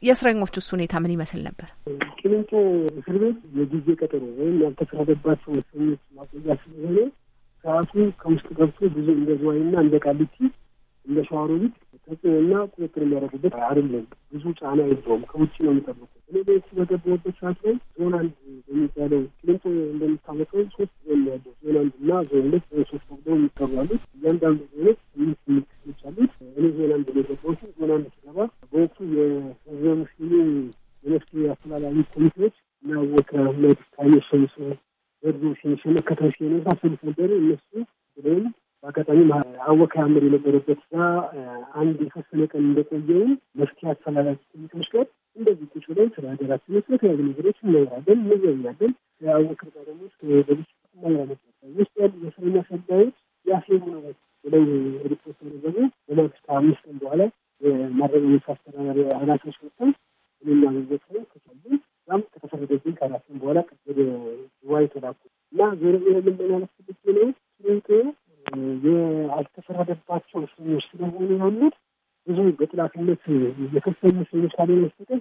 የእስረኞች ውስጥ ሁኔታ ምን ይመስል ነበር? ቂሊንጦ እስር ቤት የጊዜ ቀጠሮ ወይም ያልተፈረደባቸው እስረኞች ማቆያ ስለሆነ ሰዓቱ ከውስጥ ገብቶ ብዙ እንደ ዝዋይና እንደ ቃሊቲ እንደ ሸዋሮቢት ተጽዕኖና ቁጥጥር የሚያደርጉበት አይደለም። ብዙ ጫና የለውም። ከውጭ ነው የሚጠብቁ። እኔ ቤት በገባሁበት ሰዓት ላይ ዞን አንድ በሚባለው ቅሊንጦ እንደሚታወቀው ሶስት ዞን ያለው ዞን አንድ እና ዞን ሁለት ወይ ሶስት ተብለው የሚጠሩ አሉት። እያንዳንዱ ዞኖች ስምንት ስምንት ክፍሎች አሉት። እኔ ዞን አንድ ነው የገባሁት። ዞን አንድ ሲገባ በወቅቱ የህዝበ ሙስሊሙ የመፍትሄ አስተላላፊ ኮሚቴዎች ናወከ ሁለት ታዬ ሸምሱ ዘርዞ ሸምሱ መከተል የመሳሰሉት ነበሩ እነሱ ብለውም በአጋጣሚ አወከ ያምር የነበረበት ስራ አንድ የተወሰነ ቀን እንደቆየውን መፍትሄ አፈላላጊ ጥያቄዎች ጋር እንደዚህ ቁጭ ብለን ስለ ሀገራችን ስለተለያዩ ነገሮች እናወራለን፣ እንዘያለን። አወክር ጋር ደግሞ በብስ ነበር ውስጥ ያሉ የእስረኛ ሰዳዮች ያስቡ ነው ብለው ሪፖርት ተደረገ። በማግስቱ አምስት ቀን በኋላ የማረሚያ አስተዳዳሪ ኃላፊዎች መጥተው እኔና መዘት ነው ከቻሉ ም ከተፈረደብኝ ከአራት ቀን በኋላ ወደ ዋይ ተላኩ እና ዞረ ዞረ ምን የተፈረደባቸው እስረኞች ስለሆኑ ያሉት ብዙ በጥላትነት የከሰሉ እስረኞች ካልሆነ በስተቀር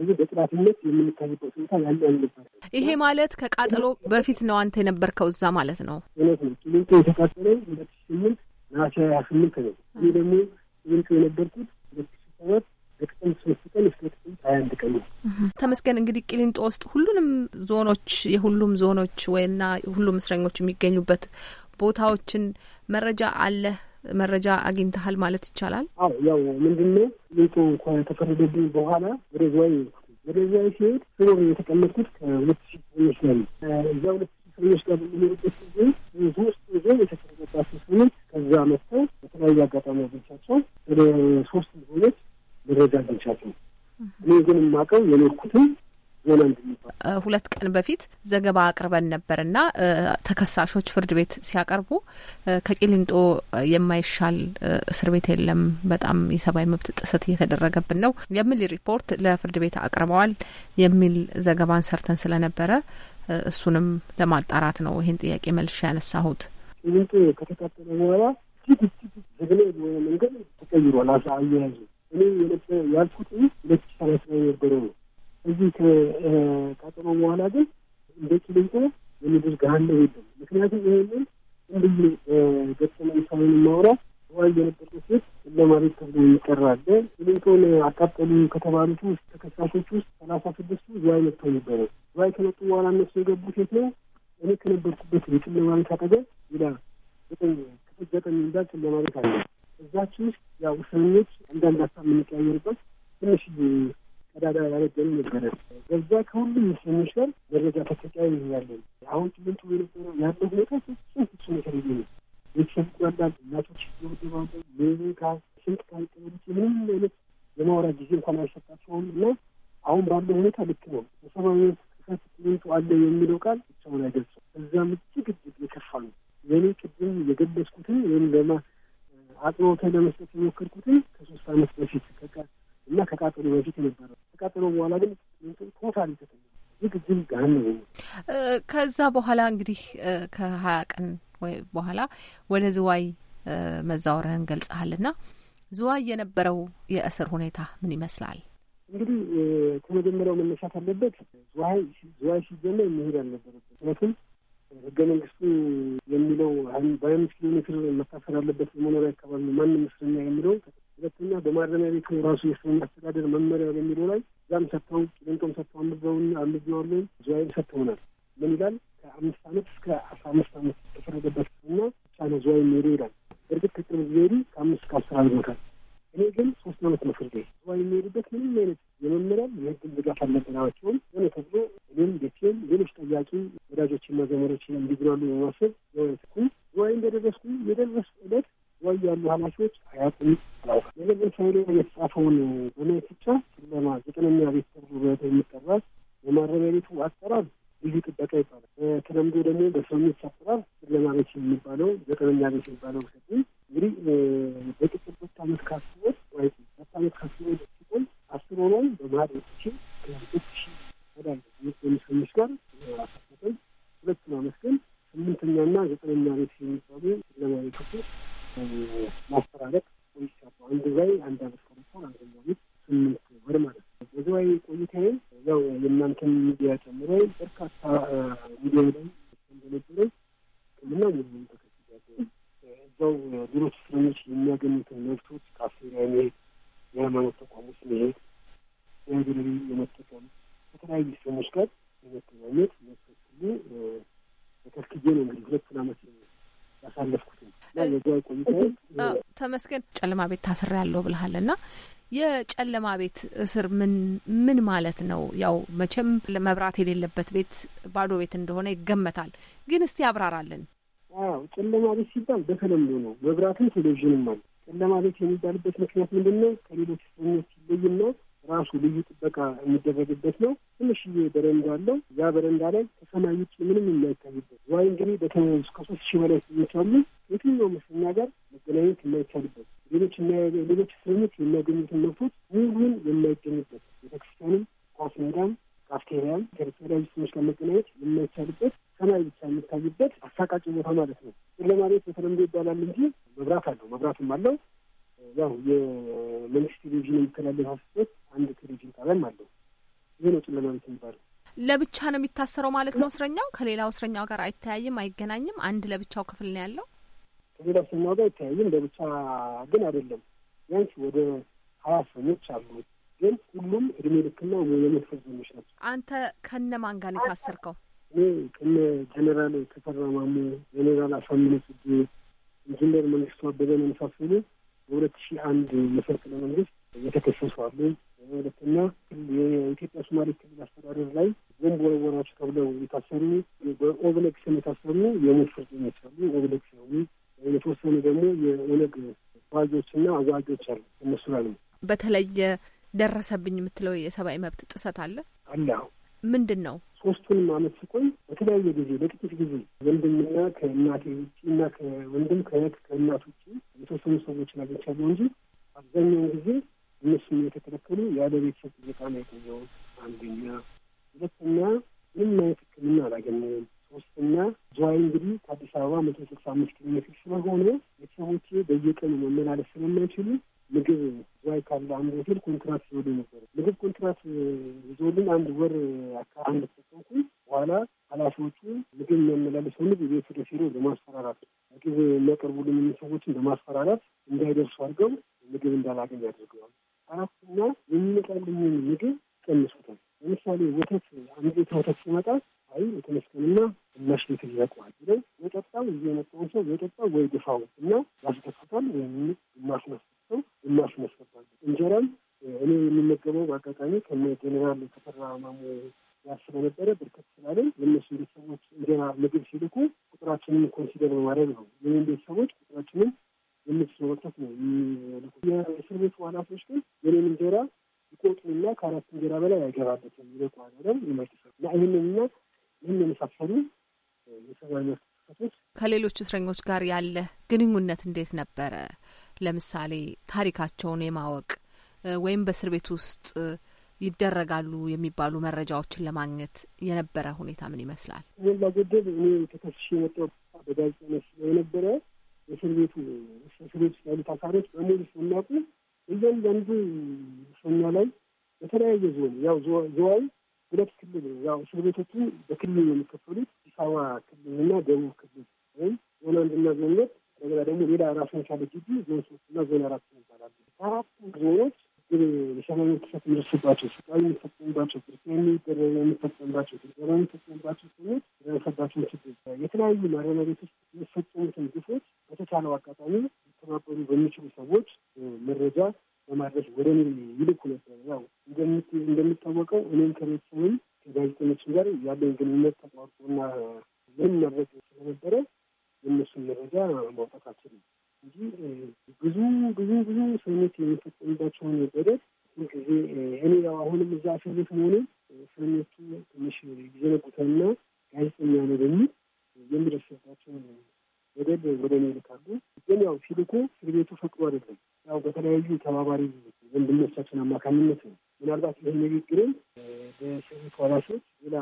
ብዙ በጥላትነት የምንታይበት ሁኔታ ያለ ያለበት። ይሄ ማለት ከቃጠሎ በፊት ነው። አንተ የነበርከው እዛ ማለት ነው? እውነት ነው። ቂሊንጦ የተቃጠለው ሁለት ሺ ስምንት ነሐሴ ሀያ ስምንት ነው። ይህ ደግሞ ቂሊንጦ የነበርኩት ሁለት ሺ ሰባት ከጥቅምት ሶስት ቀን እስከ ጥቅምት ሀያ አንድ ቀን ነው። ተመስገን እንግዲህ ቂሊንጦ ውስጥ ሁሉንም ዞኖች የሁሉም ዞኖች ወይና ሁሉም እስረኞች የሚገኙበት ቦታዎችን መረጃ አለህ? መረጃ አግኝተሃል ማለት ይቻላል? አዎ ያው ምንድን ነው ቤቱ ከተፈረደብኝ በኋላ ወደ ዝዋይ ወደ ዝዋይ ሲሄድ ስኖር የተቀመጥኩት ከሁለት ሺ ሰኞች ላይ እዛ ሁለት ሺ ሰኞች ጋር በሚኖሩበት ጊዜ ብዙ ውስጥ ብዙ የተፈረደባቸው ሰኞች ከዛ መጥተው በተለያዩ አጋጣሚ አግኝቻቸው ወደ ሶስት ሆኖች መረጃ አግኝቻቸው እኔ ግን የማውቀው የኖርኩትም ሁለት ቀን በፊት ዘገባ አቅርበን ነበርና ተከሳሾች ፍርድ ቤት ሲያቀርቡ ከቂሊንጦ የማይሻል እስር ቤት የለም፣ በጣም የሰብአዊ መብት ጥሰት እየተደረገብን ነው የሚል ሪፖርት ለፍርድ ቤት አቅርበዋል የሚል ዘገባን ሰርተን ስለነበረ እሱንም ለማጣራት ነው ይህን ጥያቄ መልሻ ያነሳሁት። ቂሊንጦ ከተቃጠለ በኋላ እጅግ እጅግ ዘግናኝ በሆነ መንገድ ተቀይሯል። አያያዙ እኔ ያልኩት ሁለት ሰላት ነው የነበረው ነው እዚህ ከቀጠሮ በኋላ ግን እንደ ቂሊንጦ የምድር ገሃነም የለም። ምክንያቱም ይህንን እንድዩ ገጸ ሳይሆን ማውራ ዋይ እየለቀቀ ሴት ለማቤት ተብሎ ይጠራል። ቂሊንጦን አቃጠሉ ከተባሉት ውስጥ ተከሳሾች ውስጥ ሰላሳ ስድስቱ ዋይ መጥተው ነበረ። ዋይ ከመጡ በኋላ እነሱ የገቡ ሴት ነው? እኔ ከነበርኩበት የጨለማ ለማቤት አጠገብ ይላ ዘጠኝ እንዳል ጨለማ ቤት አለ። እዛች ውስጥ ያው እስረኞች አንዳንድ ሀሳብ የምንቀያየርበት ትንሽ ቀዳዳ ማለት ነበረ። በዛ ከሁሉም ምስለኞች ጋር መረጃ ተሰቃይ ያለን አሁን ትምህርቱ የነበረ ያለ ሁኔታ ፍጹም ፍጹም የተለየ ነው። ቤተሰብ ይጎዳል። እናቶች ይወደባሉ። ሌሉ ስንት ካንቀበሉት ምንም አይነት የማውራት ጊዜ እንኳን አይሰጣቸውም እና አሁን ባለ ሁኔታ ልክ ነው። በሰብአዊ ክፈት ትምህርቱ አለ የሚለው ቃል ብቻውን አይገልጽም። እዛም እጅግ እጅግ የከፋ ነው። የእኔ ቅድም የገለጽኩትን ወይም ለማ አጥኖተ ለመስጠት የሞከርኩትን ከሶስት አመት በፊት ከቃል እና ከቃጠሎ በፊት ነበረ። ከቃጠሎ በኋላ ግን ቶታል ተተኛ ይህ ግን ጋህን ከዛ በኋላ እንግዲህ ከሀያ ቀን ወይ በኋላ ወደ ዝዋይ መዛወርህን ገልጸሃልና ዝዋይ የነበረው የእስር ሁኔታ ምን ይመስላል? እንግዲህ ከመጀመሪያው መነሻት አለበት። ዝዋይ ዝዋይ ሲጀመር መሄድ አልነበረበት። ምክንያቱም ህገ መንግስቱ የሚለው በሀያ አምስት ኪሎ ሜትር መታሰር አለበት መኖሪያ አካባቢ ማንም እስረኛ የሚለው ሁለተኛ በማረሚያ ቤቱ ራሱ የእስረኛ አስተዳደር መመሪያ በሚለው ላይ እዛም ሰጥተው ቂሊንጦም ሰጥተው አንብበውን አንብበዋለን ዝዋይም ሰጥተውናል። ምን ይላል? ከአምስት ዓመት እስከ አስራ አምስት ዓመት የተፈረደበት እና ውሳኔ ዝዋይ የሚሄዱ ይላል። እርግጥ ከቅርብ ጊዜ ወዲህ ከአምስት ከአስር አድርጎታል። እኔ ግን ሶስት ዓመት ነው ፍርዴ። ዝዋይ የሚሄዱበት ምንም አይነት የመመሪያም የህግም ድጋፍ አልነበራቸውም። ሆነ ተብሎ እኔም ቤቴም ሌሎች ጠያቂ ወዳጆችና ዘመዶች እንዲጉላሉ በማሰብ ዝዋይ ትኩ ዝዋይ እንደደረስኩ የደረስኩ ዕለት ወይ ያሉ ኃላፊዎች አያውቁም አላውቅም። ነገር ግን ፋይሉ የተጻፈውን በላይ ብቻ ጨለማ ዘጠነኛ ቤት ተብሎ በተ የሚጠራ የማረሚያ ቤቱ አሰራር ልዩ ጥበቃ ይባላል። በተለምዶ ደግሞ በሰሚት አሰራር ጨለማ ቤት የሚባለው ዘጠነኛ ቤት የሚባለው ሰ እንግዲህ በቅጽል ሶስት አመት ካስቦት ወይ ሶስት አመት ካስቦት ሲቆይ አስሮ ነው በመሀል ወጥቼ ሁለት ሺ ተዳለ የሚሰሚች ጋር አሳሰተኝ ሁለቱን አመት ግን ስምንተኛና ዘጠነኛ ቤት የሚባሉ ጨለማ ቤቶች ማስተላለፍ ቆይቻለሁ። አንድ ላይ አንድ አመት ከመሆን አንደኛ ቤት ስምንት ወር ማለት ነው። በዚህ ላይ ያው የእናንተን ሚዲያ ጨምሮ በርካታ ሚዲያ ላይ እንደነበረ እዛው እስረኞች የሚያገኙትን መብቶች ካፌሪያ መሄድ፣ የሃይማኖት ተቋሞች መሄድ፣ የመጠቀም ከተለያዩ እስረኞች ጋር ተመስገን ጨለማ ቤት ታስር ያለው ብልሃል ና የጨለማ ቤት እስር ምን ምን ማለት ነው? ያው መቼም መብራት የሌለበት ቤት ባዶ ቤት እንደሆነ ይገመታል። ግን እስቲ ያብራራልን። አዎ ጨለማ ቤት ሲባል በተለምዶ ነው፣ መብራትም ቴሌቪዥንም አለ። ጨለማ ቤት የሚባልበት ምክንያት ምንድን ነው? ከሌሎች እስረኞች ሲለይና ራሱ ልዩ ጥበቃ የሚደረግበት ነው። ትንሽዬ በረንዳ አለው። ያ በረንዳ ላይ ከሰማይ ውጭ ምንም የማይታይበት ዋይ እንግዲህ በተለይ እስከ ሶስት ሺህ በላይ እስረኞች አሉ። የትኛውም እስረኛ ጋር ማግኘት የማይቻልበት ሌሎች ሌሎች እስረኞች የሚያገኙትን መብቶች ሙሉን የማይገኙበት ቤተክርስቲያንም፣ ኳስ ሜዳም፣ ካፍቴሪያም ከተለያዩ ሰዎች ለመገናኘት የማይቻልበት ሰማይ ብቻ የሚታይበት አሳቃቂ ቦታ ማለት ነው። ጨለማ ቤት በተለምዶ ይባላል እንጂ መብራት አለው፣ መብራትም አለው። ያው የመንግስት ቴሌቪዥን የሚተላለፈ ስበት አንድ ቴሌቪዥን ጣቢያም አለው። ይህ ነው ጨለማ ቤት የሚባለው። ለብቻ ነው የሚታሰረው ማለት ነው እስረኛው ከሌላው እስረኛው ጋር አይተያይም፣ አይገናኝም። አንድ ለብቻው ክፍል ነው ያለው ከሌላኛው ጋር ይተያይም ለብቻ ግን አይደለም። ቢያንስ ወደ ሀያ እስረኞች አሉ። ግን ሁሉም እድሜ ልክና የሞት ፍርደኞች ናቸው። አንተ ከነማን ጋር ነው የታሰርከው? እኔ ከነ ጀኔራል ተፈራ ማሞ፣ ጀኔራል አሳምነው ጽጌ፣ ኢንጂነር መንግስቱ አበበን የመሳሰሉ በሁለት ሺህ አንድ መፈንቅለ መንግስት የተከሰሱ አሉ። ሁለተኛ የኢትዮጵያ ሶማሌ ክልል አስተዳደር ላይ ቦምብ ወረወራችሁ ተብለው የታሰሩ በኦብነግ ስም የታሰሩ የሞት ፍርደኞች አሉ። ኦብነግ ሲሆኑ የተወሰኑ ደግሞ የኦነግ ተዋጊዎችና አዋጊዎች አሉ። እነሱ ላይ ነው በተለየ ደረሰብኝ የምትለው የሰብአዊ መብት ጥሰት አለ አለ ምንድን ነው? ሶስቱንም አመት ስቆይ በተለያየ ጊዜ በጥቂት ጊዜ ወንድምና ከእናቴ ውጭ እና ከወንድም ከእህት ከእናት ውጭ የተወሰኑ ሰዎች ላገቻለሁ እንጂ አብዛኛውን ጊዜ እነሱ የተከለከሉ ያለ ቤተሰብ ጥየቃ ነው የቆየሁት። አንደኛ። ሁለተኛ ምንም አይነት ሕክምና አላገኘሁም። ውስጥና ጀዋይ እንግዲህ ከአዲስ አበባ መቶ ስልሳ አምስት ኪሎ ሜትር ስለሆነ ቤተሰቦቼ በየቀኑ መመላለስ ስለማይችሉ ምግብ ጀዋይ ካለ አንድ ሆቴል ኮንትራት ይዞልኝ ነበር። ምግብ ኮንትራት ይዞልኝ አንድ ወር አንድ እንደተጠቀምኩኝ በኋላ ኃላፊዎቹ ምግብ የሚያመላለሰው ምግብ ቤት ድረስ ሄደው በማስፈራራት ምግብ የሚያቀርቡልን ሰዎችን በማስፈራራት እንዳይደርሱ አድርገው ምግብ እንዳላገኝ አድርገዋል። አራትና የሚመጣልኝን ምግብ ቀንሱታል። ለምሳሌ ወተት አንድ ወተት ሲመጣ አይ የተመስገንና ግማሽ ሊትር ይበቃዋል ብለው የጠጣው ይዞ የመጣውን ሰው የጠጣው ወይ ግፋው እና ያስደፋታል ወይም ግማሽ መስሰው ግማሽ መስገባል። እንጀራም እኔ የሚመገበው በአጋጣሚ ከነ ጀኔራል ተፈራ ማሞ ያስ ስለነበረ ብርከት ስላለን የእነሱ ቤተሰቦች እንጀራ ምግብ ሲልኩ ቁጥራችንን ኮንሲደር በማድረግ ነው። ይህም ቤተሰቦች ቁጥራችንን የምትስመወተት ነው የሚልኩ። የእስር ቤቱ ኃላፊዎች ግን የኔን እንጀራ ይቆጡና ከአራት እንጀራ በላይ አይገባበትም ይለቁ አለም ይመልሰ እና ይህንንና ይህን የመሳሰሉ የሰብአዊ መብት ጥሰቶች። ከሌሎች እስረኞች ጋር ያለ ግንኙነት እንዴት ነበረ? ለምሳሌ ታሪካቸውን የማወቅ ወይም በእስር ቤት ውስጥ ይደረጋሉ የሚባሉ መረጃዎችን ለማግኘት የነበረ ሁኔታ ምን ይመስላል? ሞላ ጎደል እኔ ተከስሼ የመጣሁት በጋዜጣ መስሎ የነበረ እስር ቤቱ እስር ቤት ያሉ ታሳሪዎች በሙሉ ስናቁ እያንዳንዱ ሰኛ ላይ በተለያየ ዞን ያው ዘዋይ ሁለት ክልል ያው እስር ቤቶቹ በክልል የሚከፈሉት አዲስ አበባ ክልልና ደቡብ ክልል ወይም ዞን አንድና ዞን ሁለት እንደገና ደግሞ ሌላ ራሱን የቻለ ግቢ ዞን ሶስት ሶስትና ዞን አራት ይባላሉ። አራቱ ዞኖች የሰማዊ ክሰት የሚደርስባቸው ስቃይ የሚፈጸምባቸው ክርስቲያ የሚደረ የሚፈጸምባቸው ድብደባ የሚፈጸምባቸው ሰዎች የደረሰባቸውን ችግር የተለያዩ ማረሚያ ቤት ውስጥ የሚፈጸሙትን ግፎች በተቻለው አጋጣሚ ሊተባበሩ በሚችሉ ሰዎች መረጃ በማድረስ ወደ እኔ ይልኩ ነበር። ያው እንደሚታወቀው እኔም ከቤተሰብም ከጋዜጠኞችም ጋር ያለኝ ግንኙነት ተቋርጦና ምንም መረጃ ስለነበረ የእነሱን መረጃ ማውጣት አልችልም እንጂ ብዙ ብዙ ብዙ ሰውነት የሚፈጸምባቸውን በደል ጊዜ እኔ ያው አሁንም እዛ እስር ቤት መሆኑን ሰውነቱ ትንሽ እየነቁተና ጋዜጠኛ ነው በሚል የሚደርስባቸውን ወደ ወደ እኔ ይልካሉ። ግን ያው ሲልኩ እስር ቤቱ ፈቅዶ አይደለም፣ ያው በተለያዩ ተባባሪ ወንድሞቻችን አማካኝነት ነው። ምናልባት ይህ ንግግርን በእስር ቤቱ ኃላፊዎች ሌላ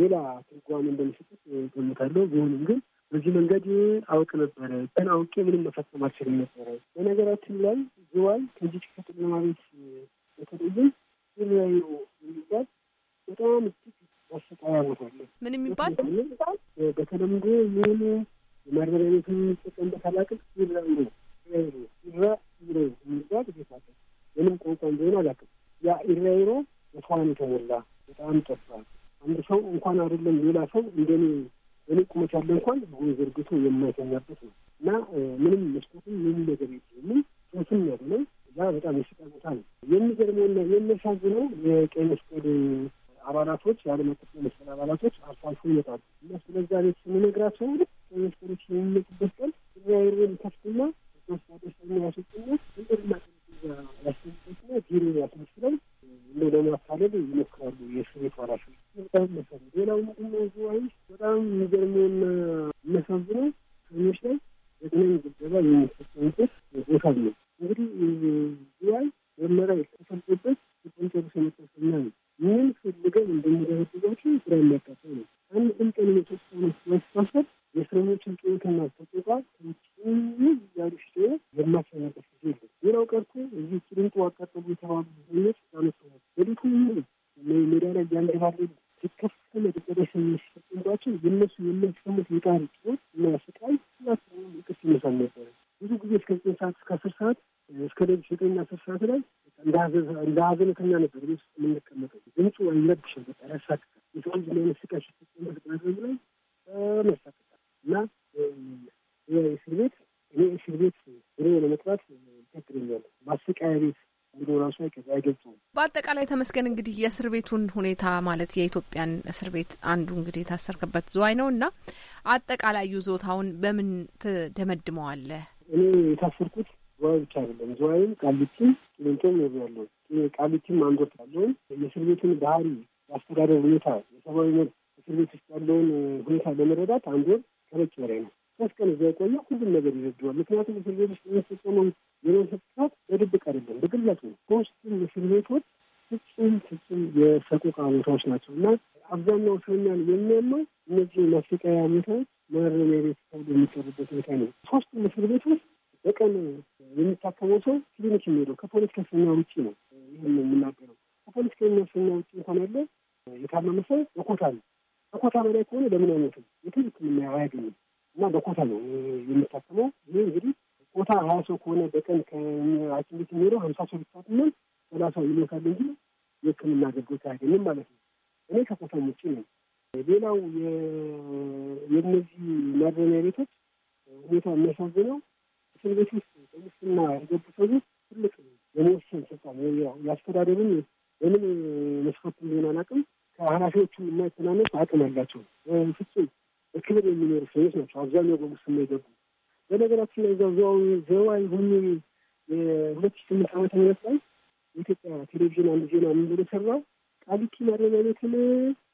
ሌላ ትርጓሜ እንደሚሰጡት ገምታለሁ። ቢሆንም ግን በዚህ መንገድ አውቅ ነበረ ቀን አውቄ ምንም መፈጸም አልችልም ነበረ። በነገራችን ላይ ዝዋይ ከዚህ ጭፈት ለማቤት በተለይም የተለያዩ የሚባል በጣም እጅግ ማሰቃያ ቦታ ምን የሚባል በተለምዶ ምን የማዳበሪያ ቤት የሚጠቀምበት አላውቅም። ይረው ይረ ይረ ይረ የሚባል ቤት ምንም ቋንቋ እንደሆነ አላውቅም። ያ ይረ ይሮ እሷን በጣም ጠባ። አንድ ሰው እንኳን አይደለም ሌላ ሰው እንደኔ እኔ ቁመት ያለ እንኳን ሆን ዘርግቶ የማይተኛበት ነው እና ምንም መስኮትም ምንም ነገር የለምም። ሶስም ያለ እዛ በጣም የስቃ ቦታ ነው። የሚገርመውና የሚያሳዝነው የቀይ መስቀል አባላቶች የዓለም አቀፍ መስቀል አባላቶች አልፎ አልፎ ይመጣሉ እና ስለዛ ቤት ስንነግራቸው ሚኒስትሮች የሚመጡበት ቀን እግዚአብሔር ከፍትና ማስታደሰኛ ያስወጥና እንደማ ጠረጴዛ ያስቀምጡና ቢሮ ያስመስለው እንደ ለማታለል ይሞክራሉ። የእስር ቤት በጣም መሰሉ። ሌላው ምንድነው እዚሁ በጣም የሚገርመውና የሚያሳዝነው ሰኞች ላይ ዘግናኝ ድብደባ የሚፈጸምበት ቦታ ነው። እንግዲህ ዚዋይ መመሪያ የተሰልጦበት የቆንጨሩ ሰመጠሰና ነው። ምን ፈልገን እንደሚደረድባቸው ስራ የሚያቃጠው ነው። አንድ ቀን የተወሰነ ማስታሰብ የእስረኞችን ጭወትና ተቆጣ ያሉ ሲሆን የማሰናበት ጊዜ የለም። ሌላው ቀርቶ እዚህ ቂሊንጦ አቃጠሉ የተባሉ ዜኞች ያነሰዋል በዱቱ ሜዳ ላይ እያንገባለሉ ከፍተኛ ደቀደሽ የሚሰጥባቸው የነሱ የሚያሰሙት የጣሪ ጭወት እና ስቃይ ሁላችንም ቅስ ይመሳል ነበረ። ብዙ ጊዜ እስከ ዘጠኝ ሰዓት እስከ አስር ሰዓት እስከ ደግ ዘጠኝ አስር ሰዓት ላይ እንደ ሀዘንተኛ ነበር ቤት ውስጥ የምንቀመጠው። ድምፁ አይረብሽም፣ በጣም ያሳቅቃል። የሰው ልጅ ምን ዓይነት ስቃይ ሲጠቀምበት ላይ በጣም እና እስር ቤት እኔ እስር ቤት ብሎ ለመጥራት ይከትለኛል። ማሰቃያ ቤት ብሎ ራሱ አይገልጸውም። በአጠቃላይ ተመስገን እንግዲህ የእስር ቤቱን ሁኔታ ማለት የኢትዮጵያን እስር ቤት አንዱ እንግዲህ የታሰርክበት ዝዋይ ነው እና አጠቃላይ ይዞታውን በምን ትደመድመዋለህ? እኔ የታሰርኩት ዝዋይ ብቻ አይደለም። ዝዋይም ቃሊቲም ቂሊንጦም ነው ያለው። ቃሊቲም አንድ ወር ያለውን የእስር ቤቱን ባህሪ፣ የአስተዳደር ሁኔታ፣ የሰብአዊ መብት እስር ቤት ውስጥ ያለውን ሁኔታ ለመረዳት አንድ ወር ቀኖች ወሬ ነው። ሶስት ቀን እዚያ የቆየ ሁሉም ነገር ይዘድዋል። ምክንያቱም እስር ቤት ውስጥ የሚፈጸመው የነፍስ ጥቃት በድብቅ አይደለም፣ በግላጭ ነው። በውስጡም እስር ቤቶች ፍጹም ፍጹም የሰቆቃ ቦታዎች ናቸው እና አብዛኛው እስረኛን የሚያመው እነዚህ ማሰቃያ ቦታዎች ማረሚያ ቤት ተብሎ የሚጠሩበት ቦታ ነው። ሶስቱም እስር ቤት ውስጥ በቀን የሚታከመው ሰው ክሊኒክ የሚሄደው ከፖለቲካ እስረኛ ውጭ ነው። ይህን የምናገረው ከፖለቲከኛ እስረኛ ውጭ እንኳን ያለ የታመመ ሰው በኮታ ነው በኮታ በላይ ከሆነ ለምን አይነትም የትም ሕክምና አያገኝም እና በኮታ ነው የሚታከመው። ይህ እንግዲህ ኮታ ሀያ ሰው ከሆነ በቀን ከሐኪም ቤት የሚሄደው ሀምሳ ሰው ቢታመም ሰላሳው ይሞታል እንጂ የሕክምና አገልግሎት አያገኝም ማለት ነው። እኔ ከኮታ ውጭ ነው። ሌላው የእነዚህ ማረሚያ ቤቶች ሁኔታ የሚያሳዝነው እስር ቤት ውስጥ በሙስና የገቡ ሰዎች ትልቅ የመወሰን ስልጣን ያስተዳደርም በምን መስፈርት እንደሆነ አላውቅም ከኃላፊዎቹ የማይተናነስ አቅም አላቸው። ፍጹም በክብር የሚኖሩ ሰዎች ናቸው። አብዛኛው በሙስ የገቡ በነገራችን ላይ እዛ ዘዋይ ዘዋዊ የሁለት ሺ ስምንት ዓመተ ምህረት ላይ የኢትዮጵያ ቴሌቪዥን አንድ ዜና ምን ብሎ ሰራ ቃሊቲ ማረሚያ ቤትን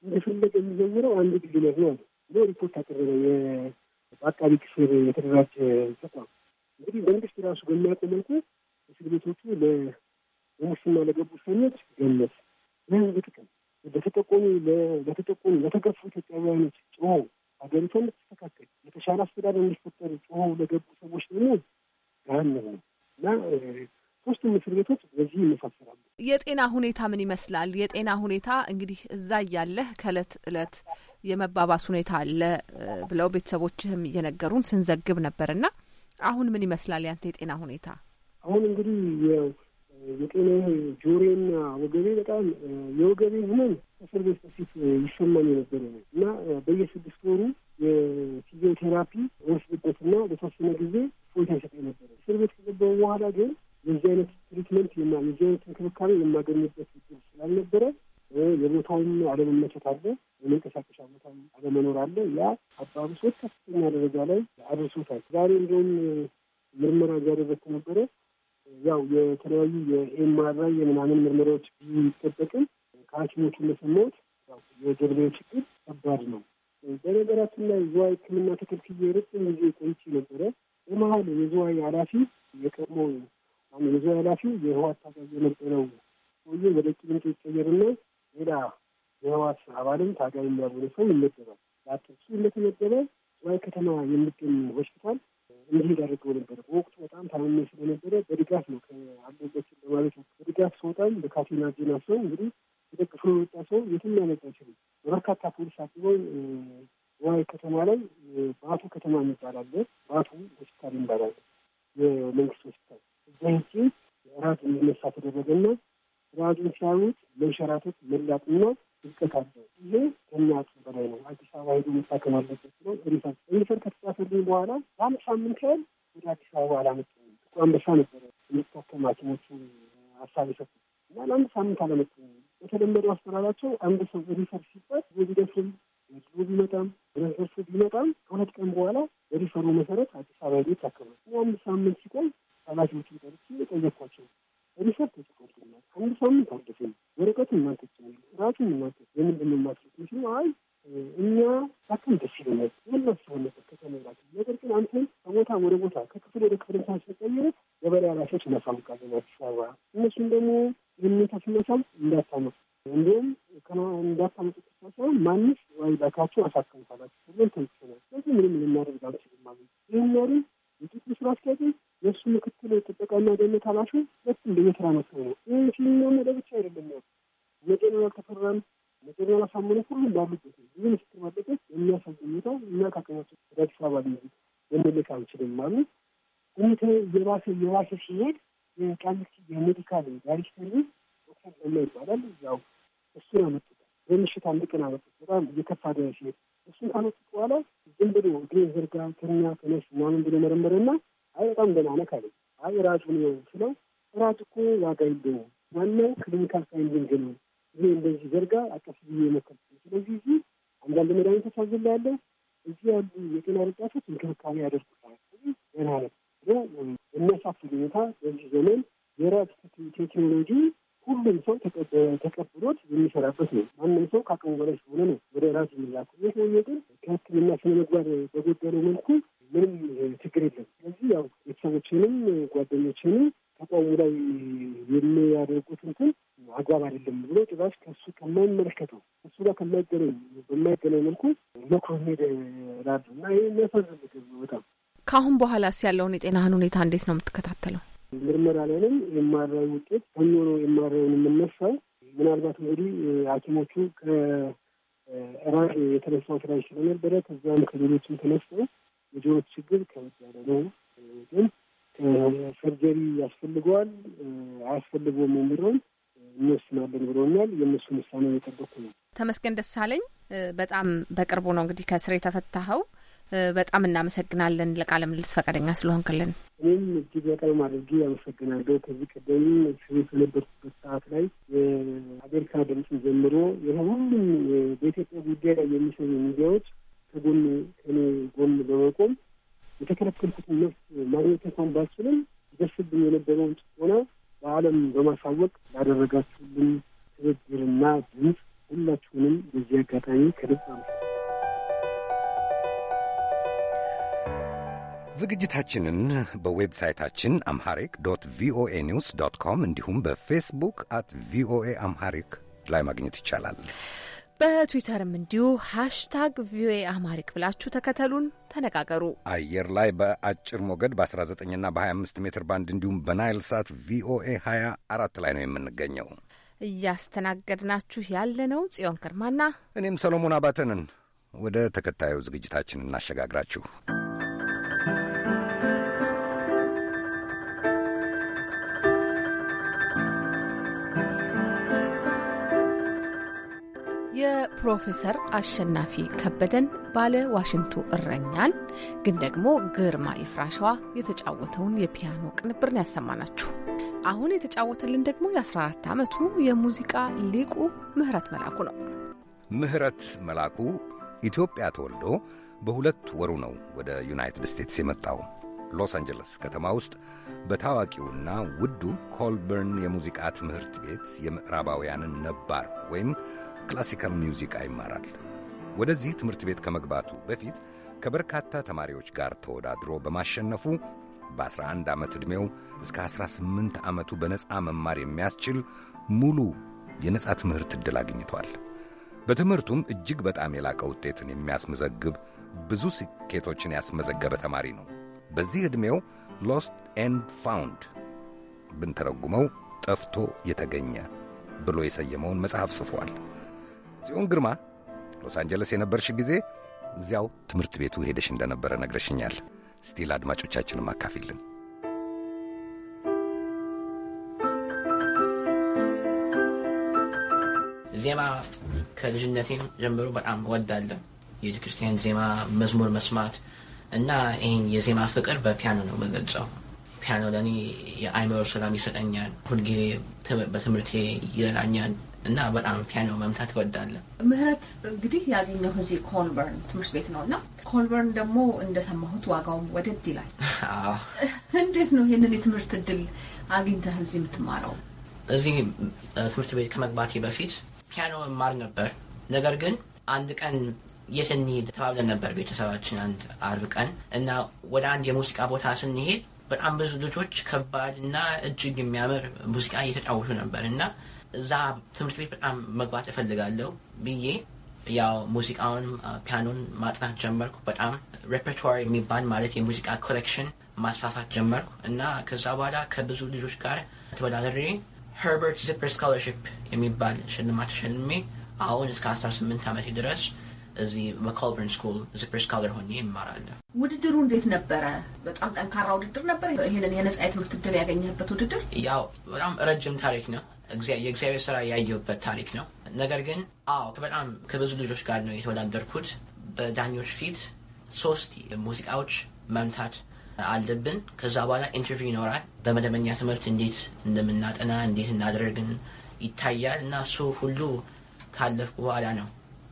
እንደፈለገ የሚዘውረው አንድ ግል ነው ነው ብሎ ሪፖርት አቀረበ። በአቃቢ ክፍል የተደራጀ ተቋም እንግዲህ መንግስት ራሱ በሚያውቀው መልኩ እስር ቤቶቹ ለሙስና ለገቡ ሰኞች ገነት ለህዝብ ጥቅም በተጠቆሙ በተጠቆሙ ለተገፉ ኢትዮጵያውያኖች ጮሆ ሀገሪቷ እንድትስተካከል የተሻለ አስተዳደር እንዲፈጠሩ ጮሆ ለገቡ ሰዎች ደግሞ ገሃነም ነው እና ሶስቱ ምስር ቤቶች በዚህ ይመሳሰላሉ። የጤና ሁኔታ ምን ይመስላል? የጤና ሁኔታ እንግዲህ እዛ እያለህ ከእለት እለት የመባባስ ሁኔታ አለ ብለው ቤተሰቦችህም እየነገሩን ስንዘግብ ነበርና አሁን ምን ይመስላል ያንተ የጤና ሁኔታ? አሁን እንግዲህ የጤና ጆሬና ወገቤ በጣም የወገቤ ህመም እስር ቤት በፊት ይሰማኝ የነበረ ነው እና በየስድስት ወሩ የፊዚዮቴራፒ ወስድበትና በተወሰነ ጊዜ ፎይታ ይሰጠኝ ነበረ። እስር ቤት ከገባሁ በኋላ ግን የዚህ አይነት ትሪትመንት የና የዚህ አይነት እንክብካቤ የማገኝበት ድር ስላልነበረ የቦታውም አለመመቸት አለ፣ የመንቀሳቀሻ ቦታም አለመኖር አለ። ያ አባብሶት ከፍተኛ ደረጃ ላይ አድርሶታል። ዛሬ እንዲሁም ምርመራ እያደረግኩ ነበረ ያው የተለያዩ የኤምአርአይ የምናምን ምርመራዎች ይጠበቅም ከሐኪሞቹ እንደሰማሁት የጀርባዬ ችግር ከባድ ነው። በነገራችን ላይ ዝዋይ ሕክምና ተከልክዬ ረጅም ጊዜ ቆይቼ ነበረ። በመሀል የዝዋይ ኃላፊ የቀድሞ የዝዋይ ኃላፊው የህዋት ታጋይ የነበረው ቆየ ወደ ቂሊንጦ ይቀየርና ሌላ የህዋት አባልም ታጋይ የሚያሆነ ሰው ይመደባል። ለአቶ እሱ እንደተመደበ ዝዋይ ከተማ የሚገኝ ሆስፒታል የሚደረገው አድርገው ነበረ። በወቅቱ በጣም ታምሜ ስለነበረ በድጋፍ ነው ከአለበችን ለማለት ነው። በድጋፍ ስወጣም በካቴና ዜና ሰው እንግዲህ ተደግፎ የወጣ ሰው የትም ያመጣ ይችሉ በበርካታ ፖሊስ አስበው ዋይ ከተማ ላይ በአቶ ከተማ የሚባላለ በአቶ ሆስፒታል ይባላል የመንግስት ሆስፒታል እዛ ሄጄ ራዝ እንዲነሳ ተደረገና ራዙን ሲያዩት መንሸራተት መላጥና ድቀት አለው። ይህ ከሚያውቅ በላይ ነው። አዲስ አበባ ሄዶ መታከም አለበት ብለው ሪፈር ሪፈር ከተጻፈልኝ በኋላ በአንድ ሳምንት ያህል ወደ አዲስ አበባ አላመጡ። ጥቁር አንበሳ ነበረ የሚታከም ሐኪሞቹ ሀሳብ የሰጡ እና ለአንድ ሳምንት አላመጡ። የተለመደው አሰራራቸው አንድ ሰው ሪፈር ሲባል ቢደርስም ወድሎ ቢመጣም ብረት ቢመጣም ከሁለት ቀን በኋላ በሪፈሩ መሰረት አዲስ አበባ ሄዶ ይታከማል። አንድ ሳምንት ሲቆይ ኃላፊዎቹን ጠርቼ ጠየኳቸው። эффективно. ሲሄድ የቃሊቲ የሜዲካል ዳይሬክተር ዶክተር ለማ ይባላል። ያው እሱ ነው አመጡት። በምሽት አንድ ቀን አመጡት። በጣም እየከፋ ገ ሲሄድ እሱን ካመጡት በኋላ ዝም ብሎ እግሬ ዝርጋ ተኛ ከነሽ ምናምን ብሎ መረመረ መረመረና አይ በጣም ደህና ነህ ካለ አይ ራሱ ነው ስለው ራሱ እኮ ዋጋ የለውም ዋናው ክሊኒካል ሳይንዲንግ ነው። ይሄ እንደዚህ ዘርጋ አቀፍ ብዬ የመከልኩ ስለዚህ እዚህ አንዳንድ መድኃኒቶች አዘላ ያለው እዚህ ያሉ የጤና ረዳቶች እንክብካቤ ያደርጉ ሁኔታ በዚህ ዘመን የራሱ ቴክኖሎጂ ሁሉም ሰው ተቀብሎት የሚሰራበት ነው። ማንም ሰው ከአቅሙ በላይ ስለሆነ ነው ወደ ራሱ የሚላኩ። ይህ ሰውዬ ግን ከሕክምና ስነ ምግባር በጎደለው መልኩ ምንም ችግር የለም። ስለዚህ ያው ቤተሰቦችንም ጓደኞችንም ተቃውሞ ላይ የሚያደርጉት እንትን አግባብ አይደለም ብሎ ጭራሽ ከሱ ከማይመለከተው እሱ ጋር ከማይገናኝ በማይገናኝ መልኩ ሄደ ላሉ እና ይህ የሚያሳዝን ከአሁን በኋላስ ያለውን የጤናህን ሁኔታ እንዴት ነው የምትከታተለው? ምርመራ ላይንም የማራዊ ውጤት ሆኖ ነው የማራዊን የምነሳው። ምናልባት እንግዲህ ሐኪሞቹ ከራይ የተነሳው ስራይ ስለነበረ ከዚያም ከሌሎችም ተነስተው ልጆች ችግር ከበድ ነው፣ ግን ሰርጀሪ ያስፈልገዋል አያስፈልገውም የሚለውን እንወስናለን ብሎኛል። የእነሱን ውሳኔ የጠበቁ ነው። ተመስገን ደሳለኝ፣ በጣም በቅርቡ ነው እንግዲህ ከስር የተፈታኸው። በጣም እናመሰግናለን ለቃለ ምልልስ ፈቃደኛ ስለሆንክልን። እኔም እጅግ በጣም አድርጌ አመሰግናለሁ። ከዚህ ቀደም ስለነበርኩበት ሰዓት ላይ የአሜሪካ ድምፅን ጀምሮ ሁሉም በኢትዮጵያ ጉዳይ ላይ የሚሰሩ ሚዲያዎች ከጎን ከኔ ጎን በመቆም የተከለከልኩትን መብት ማግኘት እንኳን ባችልም ይደርስብኝ የነበረውን ጭቆና በዓለም በማሳወቅ ላደረጋችሁልን ትብብርና ድምፅ ሁላችሁንም በዚህ አጋጣሚ ከልብ አመሰግናለሁ። ዝግጅታችንን በዌብሳይታችን አምሃሪክ ዶት ቪኦኤ ኒውስ ዶት ኮም እንዲሁም በፌስቡክ አት ቪኦኤ አምሃሪክ ላይ ማግኘት ይቻላል። በትዊተርም እንዲሁ ሃሽታግ ቪኦኤ አማሪክ ብላችሁ ተከተሉን፣ ተነጋገሩ። አየር ላይ በአጭር ሞገድ በ19ና በ25 ሜትር ባንድ እንዲሁም በናይል ሳት ቪኦኤ 24 ላይ ነው የምንገኘው። እያስተናገድናችሁ ያለነው ጽዮን ግርማና እኔም ሰሎሞን አባተንን። ወደ ተከታዩ ዝግጅታችን እናሸጋግራችሁ። የፕሮፌሰር አሸናፊ ከበደን ባለ ዋሽንቱ እረኛን ግን ደግሞ ግርማ ይፍራሸዋ የተጫወተውን የፒያኖ ቅንብርን ያሰማናችሁ። አሁን የተጫወተልን ደግሞ የ14 ዓመቱ የሙዚቃ ሊቁ ምህረት መላኩ ነው። ምህረት መላኩ ኢትዮጵያ ተወልዶ በሁለት ወሩ ነው ወደ ዩናይትድ ስቴትስ የመጣው። ሎስ አንጀለስ ከተማ ውስጥ በታዋቂውና ውዱ ኮልበርን የሙዚቃ ትምህርት ቤት የምዕራባውያንን ነባር ወይም ክላሲካል ሚውዚቃ ይማራል። ወደዚህ ትምህርት ቤት ከመግባቱ በፊት ከበርካታ ተማሪዎች ጋር ተወዳድሮ በማሸነፉ በ11 ዓመት ዕድሜው እስከ 18 ዓመቱ በነፃ መማር የሚያስችል ሙሉ የነፃ ትምህርት ዕድል አግኝቷል። በትምህርቱም እጅግ በጣም የላቀ ውጤትን የሚያስመዘግብ ብዙ ስኬቶችን ያስመዘገበ ተማሪ ነው። በዚህ ዕድሜው ሎስት ኤንድ ፋውንድ ብንተረጉመው ጠፍቶ የተገኘ ብሎ የሰየመውን መጽሐፍ ጽፏል። ጽዮን ግርማ ሎስ አንጀለስ የነበርሽ ጊዜ እዚያው ትምህርት ቤቱ ሄደሽ እንደነበረ ነግረሽኛል። ስቲል አድማጮቻችንም አካፊልን። ዜማ ከልጅነቴም ጀምሮ በጣም ወዳለሁ። የቤተክርስቲያን ዜማ፣ መዝሙር መስማት እና ይህን የዜማ ፍቅር በፒያኖ ነው የምገልጸው። ፒያኖ ለእኔ የአይምሮ ሰላም ይሰጠኛል። ሁልጊዜ በትምህርቴ ይረዳኛል። እና በጣም ፒያኖ መምታት እወዳለሁ። ምህረት እንግዲህ ያገኘው እዚህ ኮልበርን ትምህርት ቤት ነው እና ኮልበርን ደግሞ እንደሰማሁት ዋጋውም ወደድ ይላል። እንዴት ነው ይህንን የትምህርት እድል አግኝተህ እዚህ የምትማረው? እዚህ ትምህርት ቤት ከመግባቴ በፊት ፒያኖ መማር ነበር። ነገር ግን አንድ ቀን የት እንሂድ ተባብለን ነበር ቤተሰባችን አንድ አርብ ቀን እና ወደ አንድ የሙዚቃ ቦታ ስንሄድ በጣም ብዙ ልጆች ከባድ እና እጅግ የሚያምር ሙዚቃ እየተጫወቱ ነበር እና እዛ ትምህርት ቤት በጣም መግባት እፈልጋለሁ ብዬ ያው ሙዚቃውን ፒያኖን ማጥናት ጀመርኩ። በጣም ሬፐርቶሪ የሚባል ማለት የሙዚቃ ኮሌክሽን ማስፋፋት ጀመርኩ እና ከዛ በኋላ ከብዙ ልጆች ጋር ተወዳደሪ ሄርበርት ዚፐር ስኮላርሽፕ የሚባል ሽልማት ተሸልሜ አሁን እስከ 18 ዓመቴ ድረስ እዚህ በኮልበርን ስኩል ዚፐር ስኮለር ሆኜ እማራለሁ። ውድድሩ እንዴት ነበረ? በጣም ጠንካራ ውድድር ነበር። ይህንን የነጻ የትምህርት ዕድል ያገኘበት ውድድር ያው በጣም ረጅም ታሪክ ነው። የእግዚአብሔር ስራ ያየሁበት ታሪክ ነው። ነገር ግን አዎ በጣም ከብዙ ልጆች ጋር ነው የተወዳደርኩት። በዳኞች ፊት ሶስት ሙዚቃዎች መምታት አለብን። ከዛ በኋላ ኢንተርቪው ይኖራል። በመደበኛ ትምህርት እንዴት እንደምናጠና እንዴት እናደርግን ይታያል እና እሱ ሁሉ ካለፍኩ በኋላ ነው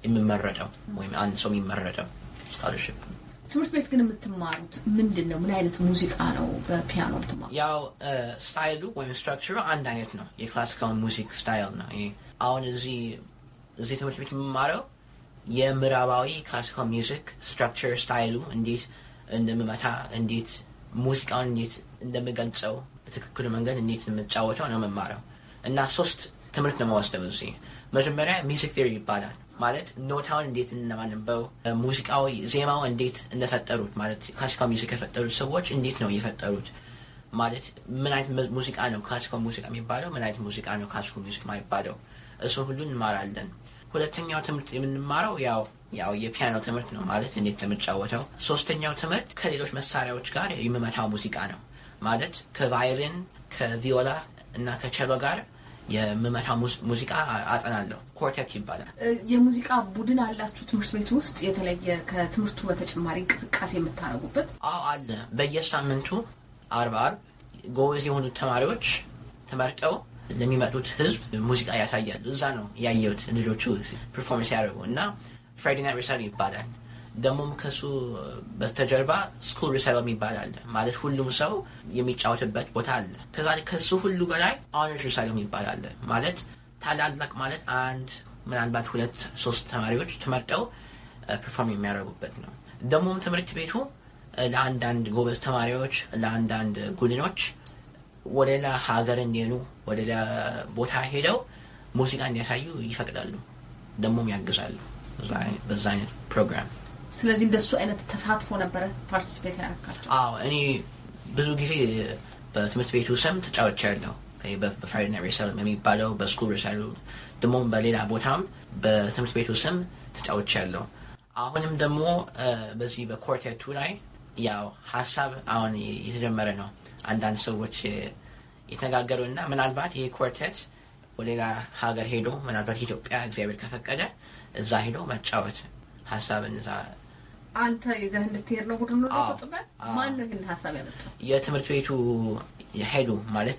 የምመረጠው ወይም አንድ ሰው የሚመረጠው ስኮላርሽፕ ትምህርት ቤት ግን የምትማሩት ምንድን ነው? ምን አይነት ሙዚቃ ነው በፒያኖ የምትማሩት? ያው ስታይሉ ወይም ስትራክቸሩ አንድ አይነት ነው። የክላሲካል ሙዚክ ስታይል ነው። አሁን እዚህ እዚህ ትምህርት ቤት የምማረው የምዕራባዊ ክላሲካል ሙዚክ ስትራክቸር ስታይሉ እንዴት እንደምመታ፣ እንዴት ሙዚቃውን እንዴት እንደምገልጸው በትክክሉ መንገድ እንዴት የምጫወተው ነው የምማረው እና ሶስት ትምህርት ነው የምወስደው እዚህ። መጀመሪያ ሚዚክ ቴሪ ይባላል ማለት ኖታውን እንዴት እንደማነበው ሙዚቃዊ ዜማው እንዴት እንደፈጠሩት ማለት ክላሲካል ሙዚቃ የፈጠሩት ሰዎች እንዴት ነው የፈጠሩት ማለት ምን አይነት ሙዚቃ ነው ክላሲካል ሙዚቃ የሚባለው፣ ምን አይነት ሙዚቃ ነው ክላሲካል ሙዚቃ የሚባለው እሱ ሁሉ እንማራለን። ሁለተኛው ትምህርት የምንማረው ያው ያው የፒያኖ ትምህርት ነው ማለት እንዴት እንደምጫወተው። ሶስተኛው ትምህርት ከሌሎች መሳሪያዎች ጋር የሚመታው ሙዚቃ ነው ማለት ከቫዮሊን ከቪዮላ እና ከቸሎ ጋር የምመታ ሙዚቃ አጠናለሁ። ኮርቴት ይባላል። የሙዚቃ ቡድን አላችሁ ትምህርት ቤት ውስጥ የተለየ ከትምህርቱ በተጨማሪ እንቅስቃሴ የምታደርጉበት? አዎ አለ። በየሳምንቱ አርብ አርብ ጎበዝ የሆኑ ተማሪዎች ተመርጠው ለሚመጡት ህዝብ ሙዚቃ ያሳያሉ። እዛ ነው ያየሁት ልጆቹ ፐርፎርመንስ ያደርጉ እና ፍራይዲ ናይት ሪሰር ይባላል ደግሞም ከሱ በስተጀርባ ስኩል ሪሳይል የሚባል አለ። ማለት ሁሉም ሰው የሚጫወትበት ቦታ አለ። ከዛ ከሱ ሁሉ በላይ ኦነርስ ሪሳይል የሚባል አለ። ማለት ታላላቅ ማለት አንድ ምናልባት ሁለት ሶስት ተማሪዎች ተመርጠው ፐርፎርም uh, የሚያደርጉበት ነው። ደግሞም ትምህርት ቤቱ uh, ለአንዳንድ ጎበዝ ተማሪዎች፣ ለአንዳንድ ጉድኖች ወደ ሌላ ሀገር እንዲሄዱ ወደ ሌላ ቦታ ሄደው ሙዚቃ እንዲያሳዩ ይፈቅዳሉ። ደግሞም ያግዛሉ በዛ አይነት ፕሮግራም ስለዚህ እንደሱ አይነት ተሳትፎ ነበረ ፓርቲስፔት ያረካቸው አዎ እኔ ብዙ ጊዜ በትምህርት ቤቱ ስም ተጫውቻለሁ። በፍራይዴ ናይት ሪሳይታል የሚባለው በስኩል ሪሳይታል ደግሞም በሌላ ቦታም በትምህርት ቤቱ ስም ያለው አሁንም ደግሞ በዚህ በኮርቴቱ ላይ ያው ሀሳብ አሁን የተጀመረ ነው። አንዳንድ ሰዎች የተነጋገሩ እና ምናልባት ይህ ኮርቴት ወሌላ ሀገር ሄዶ ምናልባት ኢትዮጵያ እግዚአብሔር ከፈቀደ እዛ ሄዶ መጫወት ሀሳብ እዛ አንተ ይዘህ እንድትሄድ ነው ቡድኑ ጥበት። ማን ነው ይህን ሀሳብ ያመጣው? የትምህርት ቤቱ ሄዱ ማለት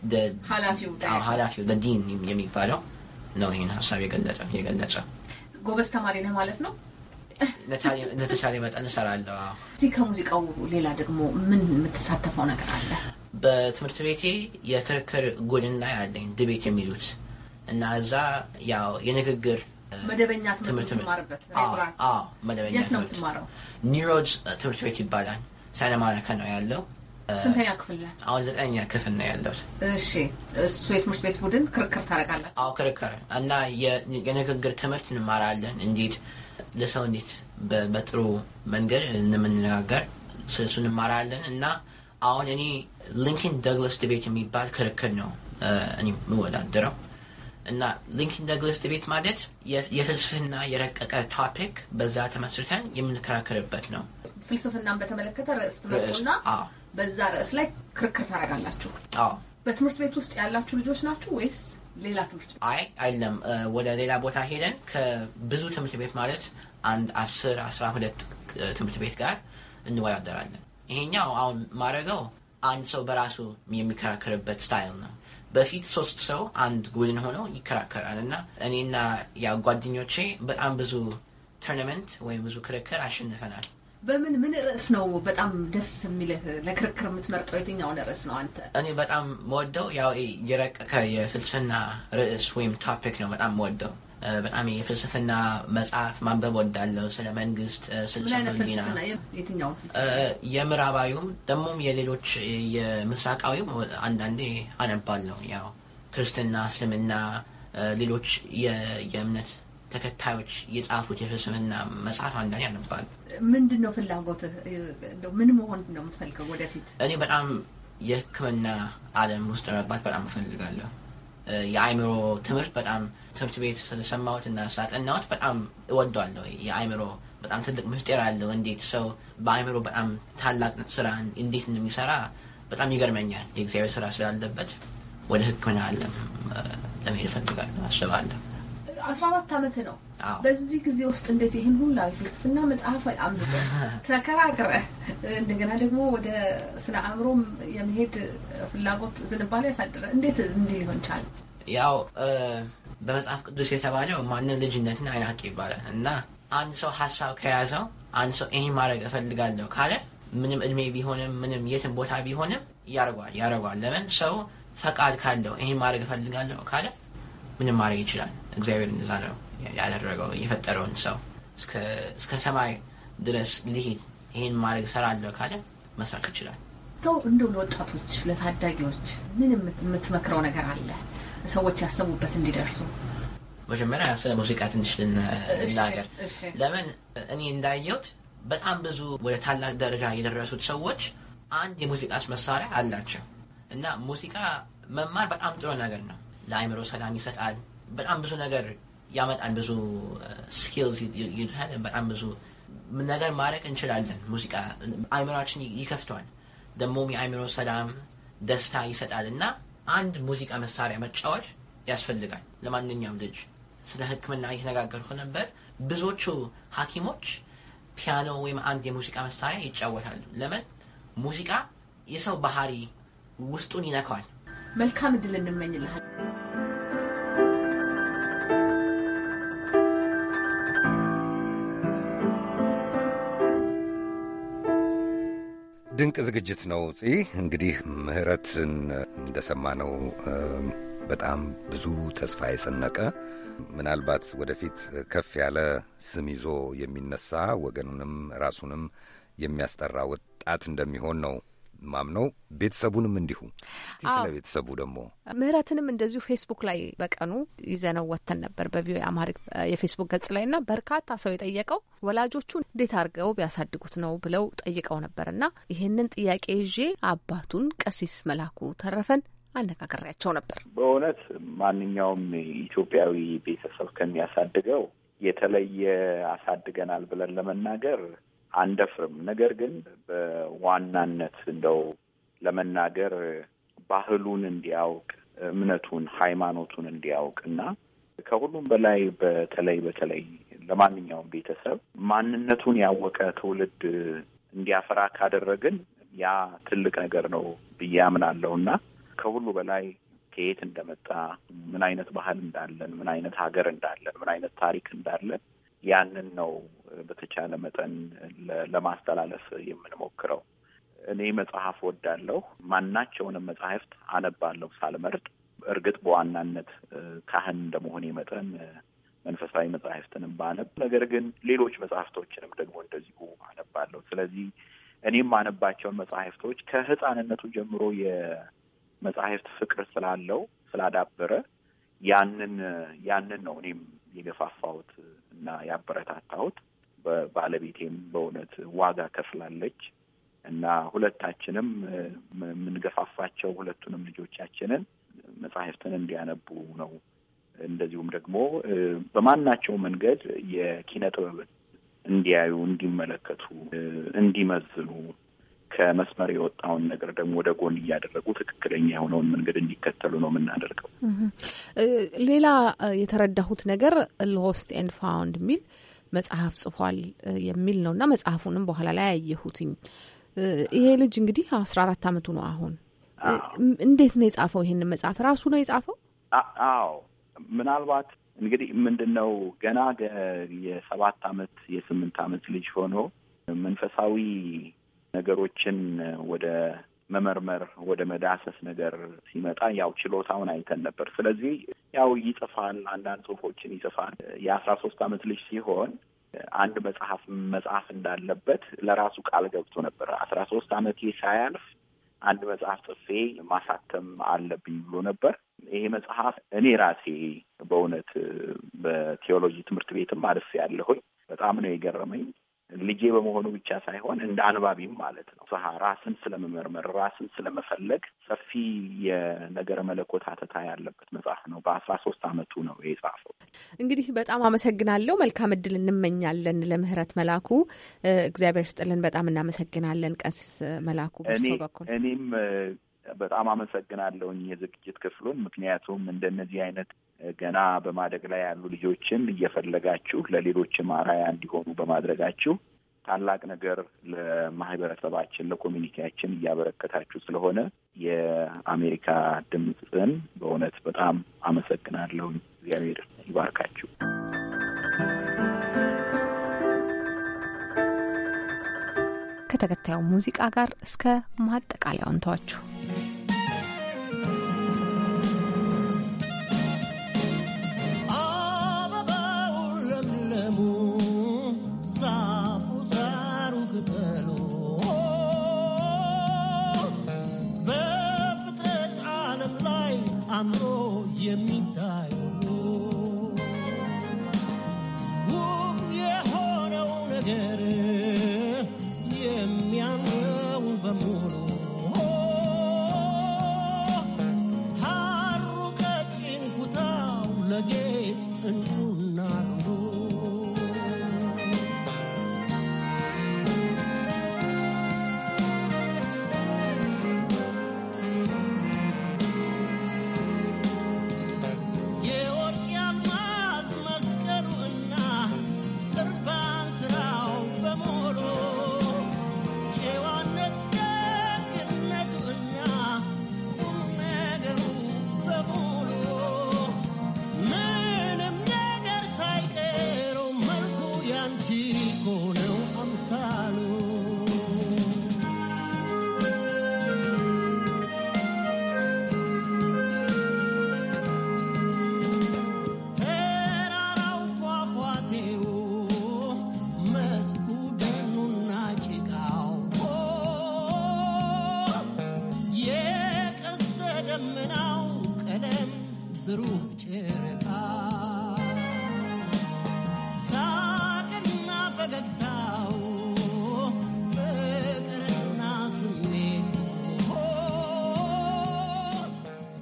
ሀላፊው ሀላፊው ዲን የሚባለው ነው ይህን ሀሳብ የገለጸ። ጎበዝ ተማሪ ነህ ማለት ነው። ለተቻለ መጠን እሰራለሁ። እዚህ ከሙዚቃው ሌላ ደግሞ ምን የምትሳተፈው ነገር አለ? በትምህርት ቤቴ የክርክር ጎድና ያለኝ ድቤት የሚሉት እና እዛ ያው የንግግር መደበኛ ትምህርት መደበኛ ትምህርት ትምህርት ቤት ይባላል። ሳለማረከ ነው ያለው። ስንተኛ ክፍል ነው? አሁን ዘጠነኛ ክፍል ነው ያለሁት። እሺ፣ እሱ የትምህርት ቤት ቡድን ክርክር ታደርጋለህ? አዎ፣ ክርክር እና የንግግር ትምህርት እንማራለን። እንዴት ለሰው እንዴት በጥሩ መንገድ እንደምንነጋገር ስለሱ እንማራለን። እና አሁን እኔ ሊንከን ደግለስ ዲቤት የሚባል ክርክር ነው እኔ የምወዳደረው እና ሊንኪን ደግለስ ቤት ማለት የፍልስፍና የረቀቀ ቶፒክ በዛ ተመስርተን የምንከራከርበት ነው። ፍልስፍናን በተመለከተ ርዕስ ትመጡና በዛ ርዕስ ላይ ክርክር ታደርጋላችሁ። በትምህርት ቤት ውስጥ ያላችሁ ልጆች ናችሁ ወይስ ሌላ ትምህርት ቤት? አይ አይለም፣ ወደ ሌላ ቦታ ሄደን ከብዙ ትምህርት ቤት ማለት አንድ አስር አስራ ሁለት ትምህርት ቤት ጋር እንወዳደራለን። ይሄኛው አሁን ማድረገው አንድ ሰው በራሱ የሚከራከርበት ስታይል ነው። በፊት ሶስት ሰው አንድ ጉድን ሆነው ይከራከራል እና እኔና ያ ጓደኞቼ በጣም ብዙ ቶርናመንት ወይም ብዙ ክርክር አሸንፈናል። በምን ምን ርዕስ ነው በጣም ደስ የሚልህ ለክርክር የምትመርጠው የትኛውን ርዕስ ነው አንተ? እኔ በጣም መወደው ያው የረቀቀ የፍልስፍና ርዕስ ወይም ቶፒክ ነው በጣም መወደው በጣም የፍልስፍና መጽሐፍ ማንበብ ወዳለው ስለ መንግስት፣ ስልሰና የምዕራባዊውም ደግሞም የሌሎች የምስራቃዊም አንዳንዴ አነባለሁ። ያው ክርስትና፣ እስልምና፣ ሌሎች የእምነት ተከታዮች የጻፉት የፍልስፍና መጽሐፍ አንዳንዴ አነባለሁ። ምንድን ነው ፍላጎትህ? ምን መሆን ነው የምትፈልገው ወደፊት? እኔ በጣም የህክምና አለም ውስጥ መግባት በጣም እፈልጋለሁ። የአእምሮ ትምህርት በጣም ትምህርት ቤት ስለሰማሁት እና ስላጠናሁት በጣም እወደዋለሁ። የአእምሮ በጣም ትልቅ ምስጢር አለው። እንዴት ሰው በአእምሮ በጣም ታላቅ ስራ እንዴት እንደሚሰራ በጣም ይገርመኛል። የእግዚአብሔር ስራ ስላለበት ወደ ሕክምና ዓለም ለመሄድ እፈልጋለሁ አስባለሁ። አስራ አራት ዓመት ነው በዚህ ጊዜ ውስጥ እንዴት ይህን ሁላ ፍልስፍና መጽሐፍ አምልጦ ተከራክረ እንደገና ደግሞ ወደ ስነ አእምሮ የመሄድ ፍላጎት ዝንባለ ያሳድረ እንዴት እንዲህ ሊሆን ቻለ? ያው በመጽሐፍ ቅዱስ የተባለው ማንም ልጅነትን አይናቅ ይባላል እና አንድ ሰው ሀሳብ ከያዘው አንድ ሰው ይህን ማድረግ እፈልጋለሁ ካለ ምንም እድሜ ቢሆንም ምንም የትም ቦታ ቢሆንም ያደርጓል ያደርጓል። ለምን ሰው ፈቃድ ካለው ይህን ማድረግ እፈልጋለሁ ካለ ምንም ማድረግ ይችላል። እግዚአብሔር እንዛ ነው ያደረገው የፈጠረውን ሰው እስከ ሰማይ ድረስ ሊሄድ ይህን ማድረግ እሰራለሁ ካለ መስራት ይችላል። ሰው እንደው ለወጣቶች ለታዳጊዎች ምን የምትመክረው ነገር አለ? ሰዎች ያሰቡበት እንዲደርሱ። መጀመሪያ ስለ ሙዚቃ ትንሽ ልናገር። ለምን እኔ እንዳየሁት በጣም ብዙ ወደ ታላቅ ደረጃ የደረሱት ሰዎች አንድ የሙዚቃ መሳሪያ አላቸው እና ሙዚቃ መማር በጣም ጥሩ ነገር ነው። ለአእምሮ ሰላም ይሰጣል። በጣም ብዙ ነገር ያመጣል ብዙ ስኪልስ ይልሃል። በጣም ብዙ ነገር ማድረግ እንችላለን። ሙዚቃ አይምሯችን ይከፍተዋል፣ ደግሞም የአይምሮ ሰላም ደስታ ይሰጣል እና አንድ ሙዚቃ መሳሪያ መጫወት ያስፈልጋል ለማንኛውም ልጅ። ስለ ሕክምና እየተነጋገርኩ ነበር። ብዙዎቹ ሐኪሞች ፒያኖ ወይም አንድ የሙዚቃ መሳሪያ ይጫወታሉ። ለምን? ሙዚቃ የሰው ባህሪ ውስጡን ይነካዋል። መልካም እድል እንመኝልሃል። ድንቅ ዝግጅት ነው። ጽ እንግዲህ ምህረትን እንደሰማነው በጣም ብዙ ተስፋ የሰነቀ ምናልባት ወደፊት ከፍ ያለ ስም ይዞ የሚነሳ ወገኑንም ራሱንም የሚያስጠራ ወጣት እንደሚሆን ነው ማምነው ቤተሰቡንም እንዲሁ። ስለ ቤተሰቡ ደግሞ ምህረትንም እንደዚሁ ፌስቡክ ላይ በቀኑ ይዘነው ወተን ነበር በቪ አማሪክ የፌስቡክ ገጽ ላይ ና በርካታ ሰው የጠየቀው ወላጆቹ እንዴት አድርገው ቢያሳድጉት ነው ብለው ጠይቀው ነበር ና ይህንን ጥያቄ ይዤ አባቱን ቀሲስ መላኩ ተረፈን አነጋገሪያቸው ነበር። በእውነት ማንኛውም ኢትዮጵያዊ ቤተሰብ ከሚያሳድገው የተለየ አሳድገናል ብለን ለመናገር አንደፍርም። ነገር ግን በዋናነት እንደው ለመናገር ባህሉን እንዲያውቅ እምነቱን፣ ሃይማኖቱን እንዲያውቅ እና ከሁሉም በላይ በተለይ በተለይ ለማንኛውም ቤተሰብ ማንነቱን ያወቀ ትውልድ እንዲያፈራ ካደረግን ያ ትልቅ ነገር ነው ብዬ አምናለሁ እና ከሁሉ በላይ ከየት እንደመጣ ምን አይነት ባህል እንዳለን፣ ምን አይነት ሀገር እንዳለን፣ ምን አይነት ታሪክ እንዳለን ያንን ነው በተቻለ መጠን ለማስተላለፍ የምንሞክረው። እኔ መጽሐፍ ወዳለሁ። ማናቸውንም መጽሐፍት አነባለሁ ሳልመርጥ። እርግጥ በዋናነት ካህን እንደመሆኔ መጠን መንፈሳዊ መጽሐፍትንም ባነብ፣ ነገር ግን ሌሎች መጽሐፍቶችንም ደግሞ እንደዚሁ አነባለሁ። ስለዚህ እኔም አነባቸውን መጽሐፍቶች ከህፃንነቱ ጀምሮ የመጽሐፍት ፍቅር ስላለው ስላዳበረ ያንን ያንን ነው እኔም የገፋፋሁት እና ያበረታታሁት ባለቤቴም በእውነት ዋጋ ከፍላለች እና ሁለታችንም የምንገፋፋቸው ሁለቱንም ልጆቻችንን መጽሐፍትን እንዲያነቡ ነው። እንደዚሁም ደግሞ በማናቸው መንገድ የኪነ ጥበብን እንዲያዩ፣ እንዲመለከቱ፣ እንዲመዝኑ ከመስመር የወጣውን ነገር ደግሞ ወደ ጎን እያደረጉ ትክክለኛ የሆነውን መንገድ እንዲከተሉ ነው የምናደርገው። ሌላ የተረዳሁት ነገር ሎስት ኤንድ ፋውንድ የሚል መጽሐፍ ጽፏል የሚል ነው እና መጽሐፉንም በኋላ ላይ አየሁትኝ። ይሄ ልጅ እንግዲህ አስራ አራት አመቱ ነው አሁን። እንዴት ነው የጻፈው? ይሄንን መጽሐፍ ራሱ ነው የጻፈው? አዎ ምናልባት እንግዲህ ምንድን ነው ገና የሰባት አመት የስምንት አመት ልጅ ሆኖ መንፈሳዊ ነገሮችን ወደ መመርመር ወደ መዳሰስ ነገር ሲመጣ ያው ችሎታውን አይተን ነበር። ስለዚህ ያው ይጽፋል፣ አንዳንድ ጽሁፎችን ይጽፋል። የአስራ ሶስት አመት ልጅ ሲሆን አንድ መጽሐፍ መጽሐፍ እንዳለበት ለራሱ ቃል ገብቶ ነበር። አስራ ሶስት አመቴ ሳያልፍ አንድ መጽሐፍ ጽፌ ማሳተም አለብኝ ብሎ ነበር። ይሄ መጽሐፍ እኔ ራሴ በእውነት በቴዎሎጂ ትምህርት ቤትም አልፌ ያለሁኝ በጣም ነው የገረመኝ። ልጄ በመሆኑ ብቻ ሳይሆን እንደ አንባቢም ማለት ነው ስሀ ራስን ስለመመርመር ራስን ስለመፈለግ ሰፊ የነገረ መለኮት አተታ ያለበት መጽሐፍ ነው። በአስራ ሶስት አመቱ ነው የጻፈው። እንግዲህ በጣም አመሰግናለሁ። መልካም እድል እንመኛለን ለምህረት መላኩ። እግዚአብሔር ስጥልን። በጣም እናመሰግናለን ቀስ መላኩ በኩል እኔም በጣም አመሰግናለሁኝ የዝግጅት ክፍሉን ምክንያቱም እንደነዚህ አይነት ገና በማደግ ላይ ያሉ ልጆችን እየፈለጋችሁ ለሌሎችም አራያ እንዲሆኑ በማድረጋችሁ ታላቅ ነገር ለማህበረሰባችን ለኮሚኒቲያችን እያበረከታችሁ ስለሆነ የአሜሪካ ድምፅን በእውነት በጣም አመሰግናለሁ። እግዚአብሔር ይባርካችሁ። ከተከታዩ ሙዚቃ ጋር እስከ ማጠቃለያውን ተዋችሁ።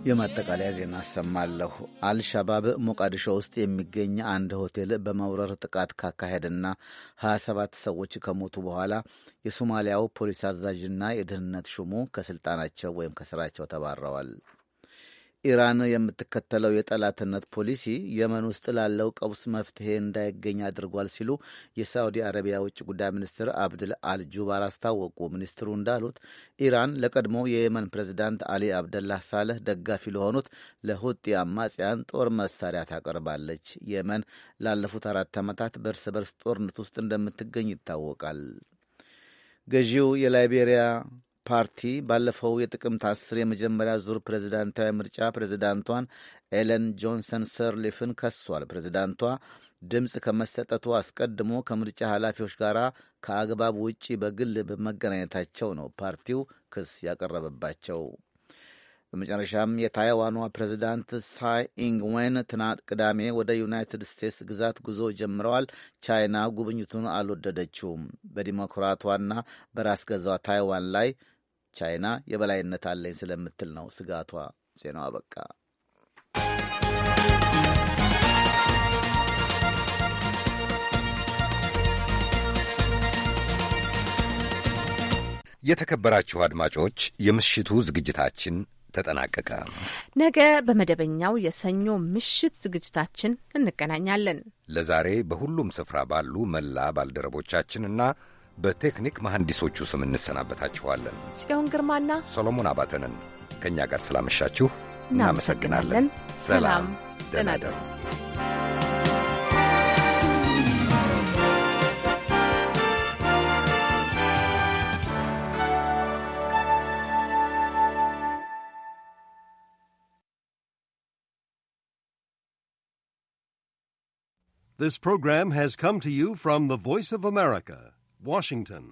የማጠቃለያ ዜና አሰማለሁ። አልሻባብ ሞቃዲሾ ውስጥ የሚገኝ አንድ ሆቴል በመውረር ጥቃት ካካሄደና 27 ሰዎች ከሞቱ በኋላ የሶማሊያው ፖሊስ አዛዥና የደህንነት ሹሙ ከስልጣናቸው ወይም ከስራቸው ተባረዋል። ኢራን የምትከተለው የጠላትነት ፖሊሲ የመን ውስጥ ላለው ቀውስ መፍትሄ እንዳይገኝ አድርጓል ሲሉ የሳዑዲ አረቢያ ውጭ ጉዳይ ሚኒስትር አብድል አል ጁባር አስታወቁ። ሚኒስትሩ እንዳሉት ኢራን ለቀድሞ የየመን ፕሬዚዳንት አሊ አብደላህ ሳለህ ደጋፊ ለሆኑት ለሁጢ አማጽያን ጦር መሳሪያ ታቀርባለች። የመን ላለፉት አራት ዓመታት በእርስ በርስ ጦርነት ውስጥ እንደምትገኝ ይታወቃል። ገዢው የላይቤሪያ ፓርቲ ባለፈው የጥቅምት አስር የመጀመሪያ ዙር ፕሬዝዳንታዊ ምርጫ ፕሬዝዳንቷን ኤለን ጆንሰን ሰርሊፍን ከሷል። ፕሬዝዳንቷ ድምፅ ከመሰጠቱ አስቀድሞ ከምርጫ ኃላፊዎች ጋር ከአግባብ ውጪ በግል በመገናኘታቸው ነው ፓርቲው ክስ ያቀረበባቸው። በመጨረሻም የታይዋኗ ፕሬዝዳንት ሳይ ኢንግዌን ትናንት ቅዳሜ ወደ ዩናይትድ ስቴትስ ግዛት ጉዞ ጀምረዋል። ቻይና ጉብኝቱን አልወደደችውም። በዲሞክራቷና በራስ ገዛዋ ታይዋን ላይ ቻይና የበላይነት አለኝ ስለምትል ነው ስጋቷ። ዜናው አበቃ። የተከበራችሁ አድማጮች የምሽቱ ዝግጅታችን ተጠናቀቀ። ነገ በመደበኛው የሰኞ ምሽት ዝግጅታችን እንገናኛለን። ለዛሬ በሁሉም ስፍራ ባሉ መላ ባልደረቦቻችንና በቴክኒክ መሐንዲሶቹ ስም እንሰናበታችኋለን። ጽዮን ግርማና ሰሎሞን አባተንን ከእኛ ጋር ስላመሻችሁ እናመሰግናለን። ሰላም፣ ደህና እደሩ። This program has come to you from the Voice of America. Washington.